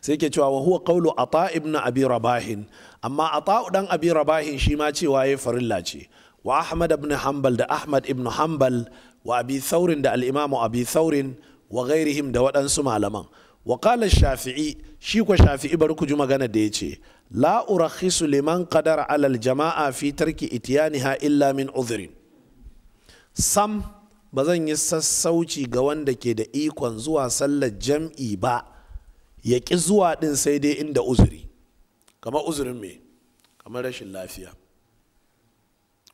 sai ke cewa wa huwa qawlu ata ibn abi rabahin amma ata dan abi rabahin shi ma cewa yayi farilla ce wa ahmad ibn hanbal da ahmad ibnu Hambal wa abi saurin da al-imamu abi thaurin wa ghairihim da waɗansu malaman wa qala shafi'i shi ko shafi'i bar ku ji magana da yace la urakhisu liman qadara alal jama'a fi tarki itiyaniha illa min udhrin sam ba zan yi sassauci ga wanda ke da ikon zuwa sallar jam'i ba ya ƙi zuwa ɗin sai dai inda uzuri kamar uzurin me kamar rashin lafiya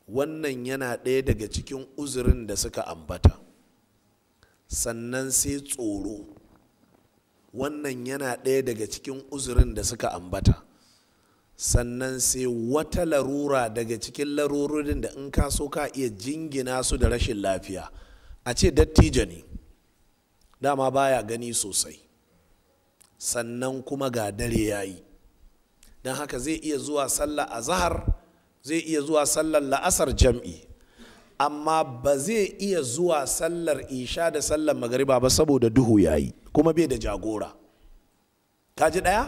wannan yana ɗaya daga cikin uzurin da suka ambata sannan sai tsoro wannan yana ɗaya daga cikin uzurin da suka ambata sannan sai wata larura daga cikin larurorin da in ka so ka iya jingina su da rashin lafiya a ce dattijo ne dama baya gani sosai sannan kuma ga dare ya yi don haka zai iya zuwa sallah a zahar zai iya zuwa sallar la'asar jam'i amma ba zai iya zuwa sallar isha da sallar magariba ba saboda duhu ya yi kuma bai da jagora ka ji ɗaya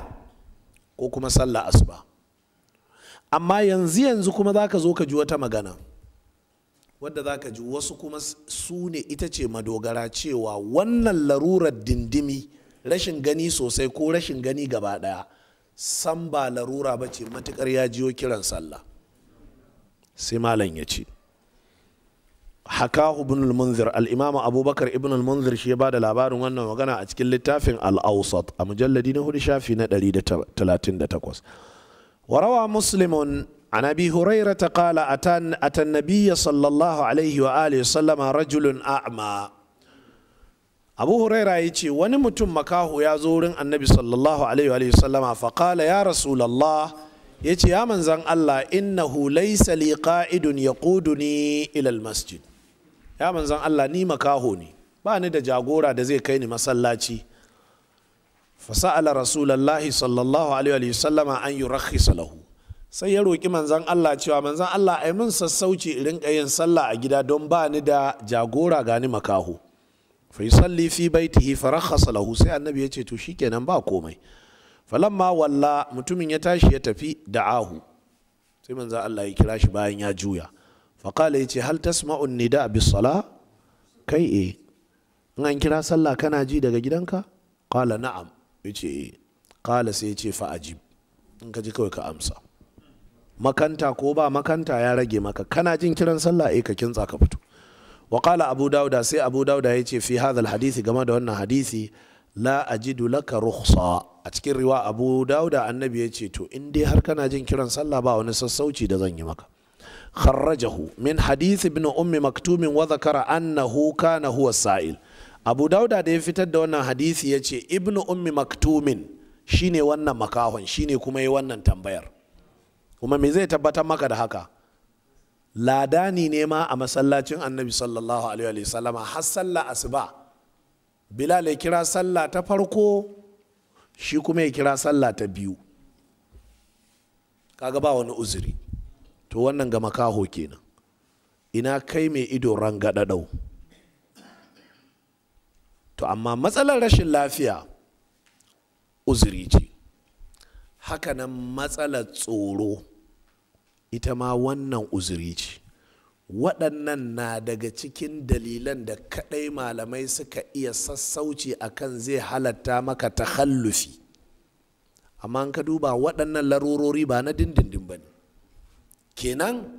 ko kuma sallah asuba amma yanzu yanzu kuma za ka zo ka ji wata magana wadda za ka ji wasu kuma su ne ita ce madogara cewa wannan larurar dindimi rashin gani sosai ko rashin gani gaba ɗaya san ba larura ba ce matuƙar ya jiyo kiran sallah sai malam ya ce Hakahu ibn al-munzir al-imam abubakar ibn al-munzir shi ya bada labarin wannan magana a cikin littafin al-awsat a mujalladi na hudu shafi na ɗari da 138 wa rawa muslimun عن ابي هريره قال اتى اتى النبي صلى الله alaihi wa sallama rajulun اعمى abu huraira ya ce wani mutum Makahu ya zo wurin annabi sallallahu alaihi wa sallama fa faƙala ya rasulallah ya ce ya manzan allah innahu laysa li qa'idun yaquduni ilal masjid ya manzan Allah ni makaho ne ba ni da jagora da zai kai ni masallaci fasa'ala rasulallahi sallallahu alaihi sallama an yurakhisa lahu sai ya roƙi manzan Allah cewa manzan Allah ai mun sassauci irin yin sallah a gida don ba ni da jagora ga gani makaho fa yusalli fi baitihi farakhasa lahu sai annabi ya ce to shikenan ba komai falamma walla mutumin ya tashi ya tafi da ahu. sai manzan Allah ya kira shi bayan ya juya faƙala ya ce hal tasma'un nida bis sala kai e in an kira sallah kana ji daga gidanka ƙala na'am ya ce e ƙala sai ya ce fa'ajib in ka ji kawai ka amsa makanta ko ba makanta ya rage maka kana jin kiran sallah e ka kintsa ka fito wa abu dauda sai abu dauda ya ce fi hadal hadisi game da wannan hadisi la ajidu laka rukhsa a cikin riwa abu dauda annabi ya ce to in dai har kana jin kiran sallah ba wani sassauci da zan yi maka kharrajahu min hadisi ibn ummi maktumin wa zakara annahu kana huwa sa'il abu dauda da ya fitar da wannan hadisi ya ce ibn ummi maktumin shine wannan makahon shine kuma yi wannan tambayar kuma me zai tabbatar maka da haka ladani ne ma a masallacin annabi sallallahu alaihi wasallama har sallah asuba bilal ya kira sallah ta farko shi kuma ya kira sallah ta biyu kaga ba wani uzuri to wannan ga makaho kenan ina kai mai ido rangadadau to amma matsalar rashin lafiya uzuri ce hakanan matsalar tsoro ita ma wannan uzuri ce waɗannan na daga cikin dalilan da kaɗai malamai suka iya sassauci akan zai halatta maka ta amma an ka duba waɗannan larurori ba na dindindin ba ne kenan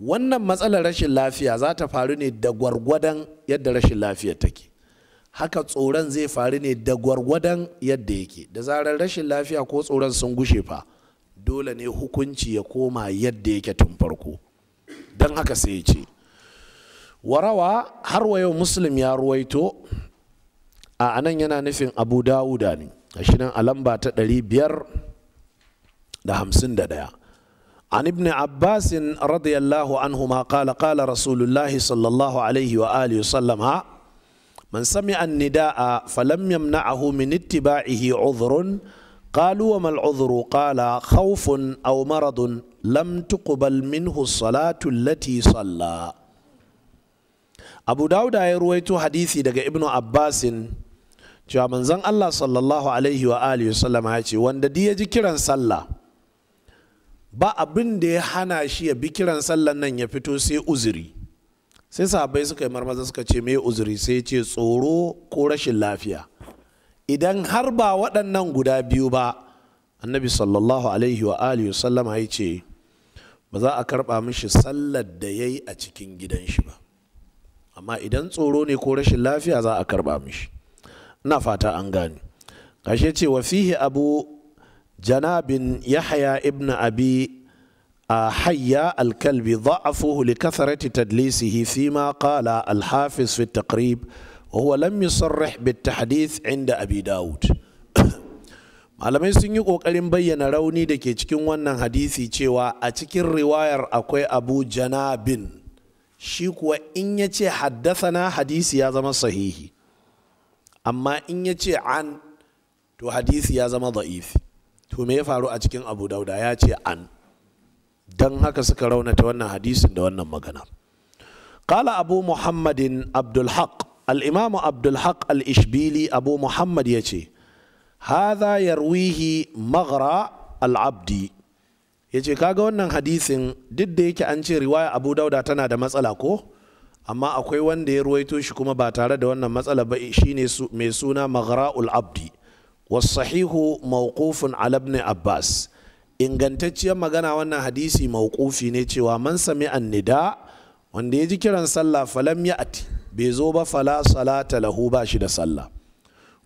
wannan matsalar rashin lafiya za ta faru ne da gwargwadon yadda rashin lafiya take haka tsoron zai faru ne da gwargwadon yadda yake da zarar rashin lafiya ko tsoron sun gushe fa dole ne hukunci ya koma yadda yake tun farko don haka sai ya ce warawa har wa yau muslim ya ruwaito a anan yana nufin abu dauda ne a shirin a lamba ta 551 عن ابن عباس رضي الله عنهما قال قال رسول الله صلى الله عليه وآله وسلم من سمع النداء فلم يمنعه من اتباعه عذر قالوا وما العذر قال خوف أو مرض لم تقبل منه الصلاة التي صلى أبو داود رويت حديثي دقى ابن عباس cewa من زن الله صلى الله عليه وآله وسلم وان دي ya ji kiran sallah ba abin da ya hana shi ya bi kiran sallan nan ya fito sai uzuri sai sahabbai suka yi marmaza suka ce me uzuri sai ce tsoro ko rashin lafiya idan har ba waɗannan guda biyu ba annabi sallallahu alaihi wa alihi sallama ya ce ba za a karɓa mishi sallar da ya yi a cikin gidan shi ba amma idan tsoro ne ko rashin lafiya za a karɓa mishi ina fata an gane kashe ce wa fihi abu janabin yahya ibn abi حيا الكلب ضعفه لكثرة تدليسه فيما قال الحافظ في التقريب وهو لم يصرح بالتحديث عند أبي داود malamai sun yi ƙoƙarin bayyana rauni da ke cikin wannan hadisi cewa a cikin riwayar akwai abu janabin shi kuwa in ya ce haddasana hadisi ya zama sahihi amma in ya ce an to hadisi ya zama za'ifi to me ya faru a cikin abu dauda ya ce an don haka suka raunata wannan hadisin da wannan magana kala abu muhammadin abdulhaq al'imamu abdulhaq al'ishbili abu muhammad ya ce haza yarwihi magara al'abdi ya ce kaga wannan hadisin duk da yake an ce riwaya abu dauda tana da matsala ko amma akwai wanda ya ruwaito shi kuma ba tare da wannan matsala ba shine mai suna magara abdi والصحيح موقوف على ابن عباس ingantacciyar magana wannan hadisi mawqufi ne cewa man sami annida wanda ya ji kiran sallah falam ya ati bai zo ba fala salata lahu ba shi da sallah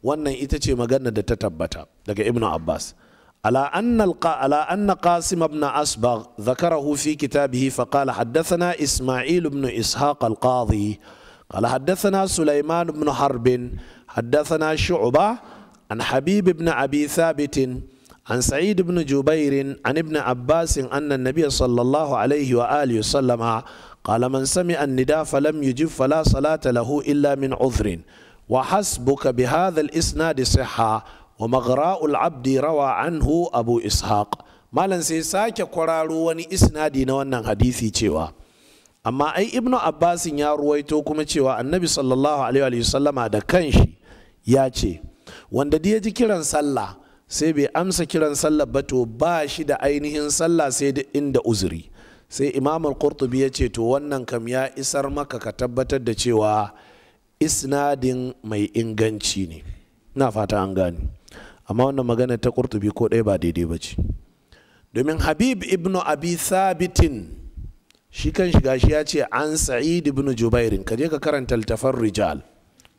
wannan ita ce magana da ta tabbata daga ibnu abbas ala anna alqa ala anna qasim ibn asbagh dhakarahu fi kitabihi fa qala haddathana isma'il ibn ishaq alqadhi qala haddathana sulaiman ibn harbin haddathana shu'bah عن حبيب بن أبي ثابت عن سعيد بن جبير عن ابن عباس أن النبي صلى الله عليه وآله وسلم قال من سمع النداء فلم يجب فلا صلاة له إلا من عذر وحسبك بهذا الإسناد صحة ومغراء العبد روى عنه أبو إسحاق malam sai sake kwararo wani isnadi na wannan hadisi cewa amma ai ibnu abbasin ya ruwaito kuma cewa annabi sallallahu alaihi wa sallama da kanshi ya ce wanda da ya ji kiran sallah sai bai amsa kiran sallah ba to ba shi da ainihin sallah sai da inda uzuri sai imam al-qurtubi ya ce to wannan kam ya isar maka ka tabbatar da cewa isnadin mai inganci ne na fata an gane amma wannan magana ta qurtubi ko ɗaya ba daidai ba ce domin habib ibn abi sabitin shi kan shiga shi ya ce an sa'id ibn jubairin kaje ka karanta littafan rijal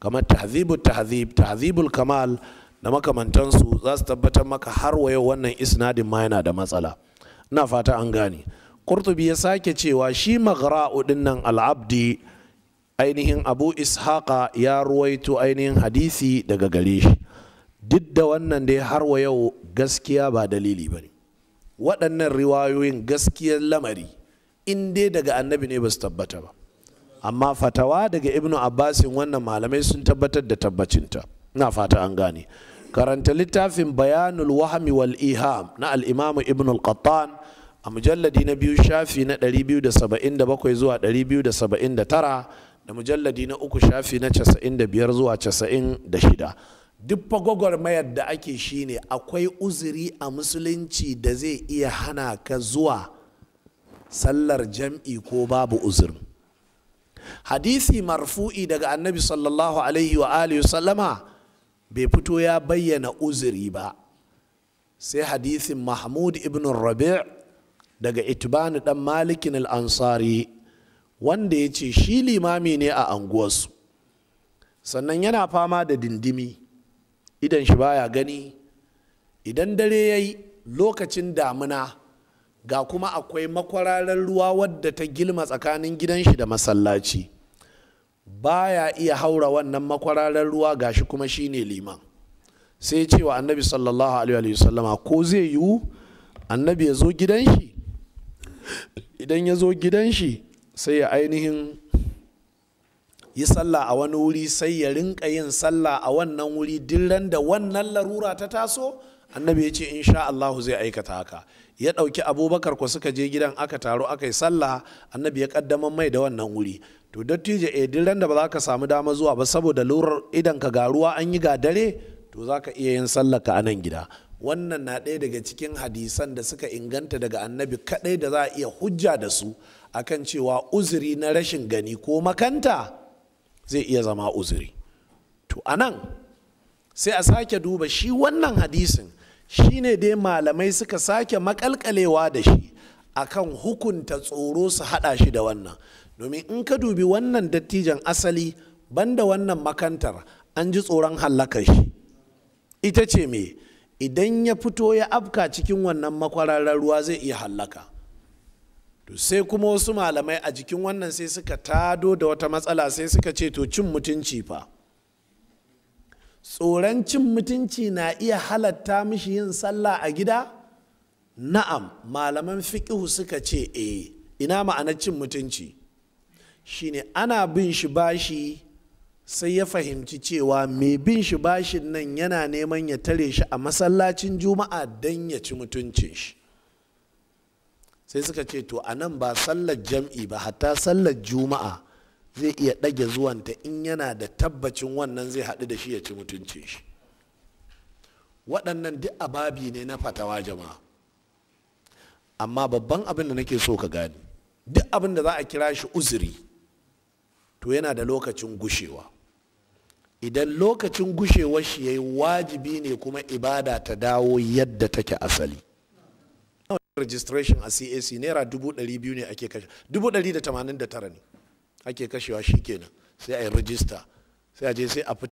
kamar tahzibu tahzib tahzibul kamal da makamantansu za su tabbatar maka har wa yau wannan isnadin ma yana da matsala na fata an gane kurtubi ya sake cewa shi maghra'u dinnan al-abdi ainihin abu ishaqa ya ruwaito ainihin hadisi daga gare shi duk da wannan dai har wa yau gaskiya ba dalili ba ne waɗannan riwayoyin gaskiyar lamari in dai daga annabi ne ba su tabbata ba amma fatawa daga ibnu abbasin wannan malamai sun tabbatar da tabbacinta na fata an gane karanta littafin bayanul wahmi wal iham na al-imam ibn al-qattan a mujalladi na biyu shafi na 277 zuwa 279 da mujalladi na uku shafi na 95 zuwa 96 duk mayar da ake shi ne akwai uzuri a musulunci da zai iya hana ka zuwa sallar jam'i ko babu uzurin hadisi marfu'i daga annabi sallallahu alaihi wa alihi sallama bai fito ya bayyana uzuri ba sai hadisin mahmud ibn rabi' daga itbani dan malikin al-ansari wanda ya ce shi limami ne a anguwarsu sannan yana fama da dindimi idan shi baya gani idan dare ya yi lokacin damina ga kuma akwai makwararren ruwa wadda ta gilma tsakanin gidan shi da masallaci baya iya haura wannan makwararren ruwa ga shi kuma shine liman sai cewa annabi sallallahu alaihi wa sallama ko zai yiwu annabi ya zo gidan shi idan ya zo gidan shi sai ya ainihin yi sallah a wani wuri sai ya rinka yin sallah a wannan wuri duk da wannan larura ta taso annabi ya ce insha Allah zai aikata haka ya ɗauki abubakar ku suka je gidan aka taru aka yi sallah annabi ya ƙaddamar mai da wannan wuri to dattijo eh duk da ba za ka samu dama zuwa ba saboda lurar idan ka ga ruwa an yi ga dare to za ka iya yin sallar ka a nan gida wannan na ɗaya daga cikin hadisan da suka inganta daga annabi kaɗai da za a iya hujja da su akan cewa uzuri na rashin gani ko makanta zai iya zama uzuri to anan sai a sake duba shi wannan hadisin Shi ne dai malamai suka sake makalkalewa da shi akan hukunta tsoro su hada shi da wannan domin in ka dubi wannan dattijan asali banda wannan makantar an ji tsoron hallakar shi ita ce me idan ya fito ya afka cikin wannan makwararren ruwa zai iya hallaka to sai kuma wasu malamai a jikin wannan sai suka tado da wata matsala sai suka ce to cin mutunci fa tsoron cin mutunci na iya halatta mishi yin sallah a gida na'am malaman fiƙihu suka ce e ina ma'anar cin mutunci shine ana bin shi bashi sai ya fahimci cewa mai bin shi bashin nan yana neman ya tare shi a masallacin juma'a don ya ci mutuncin shi sai suka ce to a nan ba sallar jam'i ba hatta sallar juma'a zai iya ɗage zuwanta in yana da tabbacin wannan zai haɗu da shi ya ci mutuncin shi waɗannan duk ababi ne na fatawa jama'a amma babban abin da nake so ka gani duk abin da za a kira shi uzuri to yana da lokacin gushewa idan lokacin gushewar shi ya yi wajibi ne kuma ibada ta dawo yadda take asali registration a cac naira dubu ɗari biyu ne ake kashe dubu ɗari da da tamanin tara ne ake kashewa shi kenan sai a yi rajista sai a je sai a fita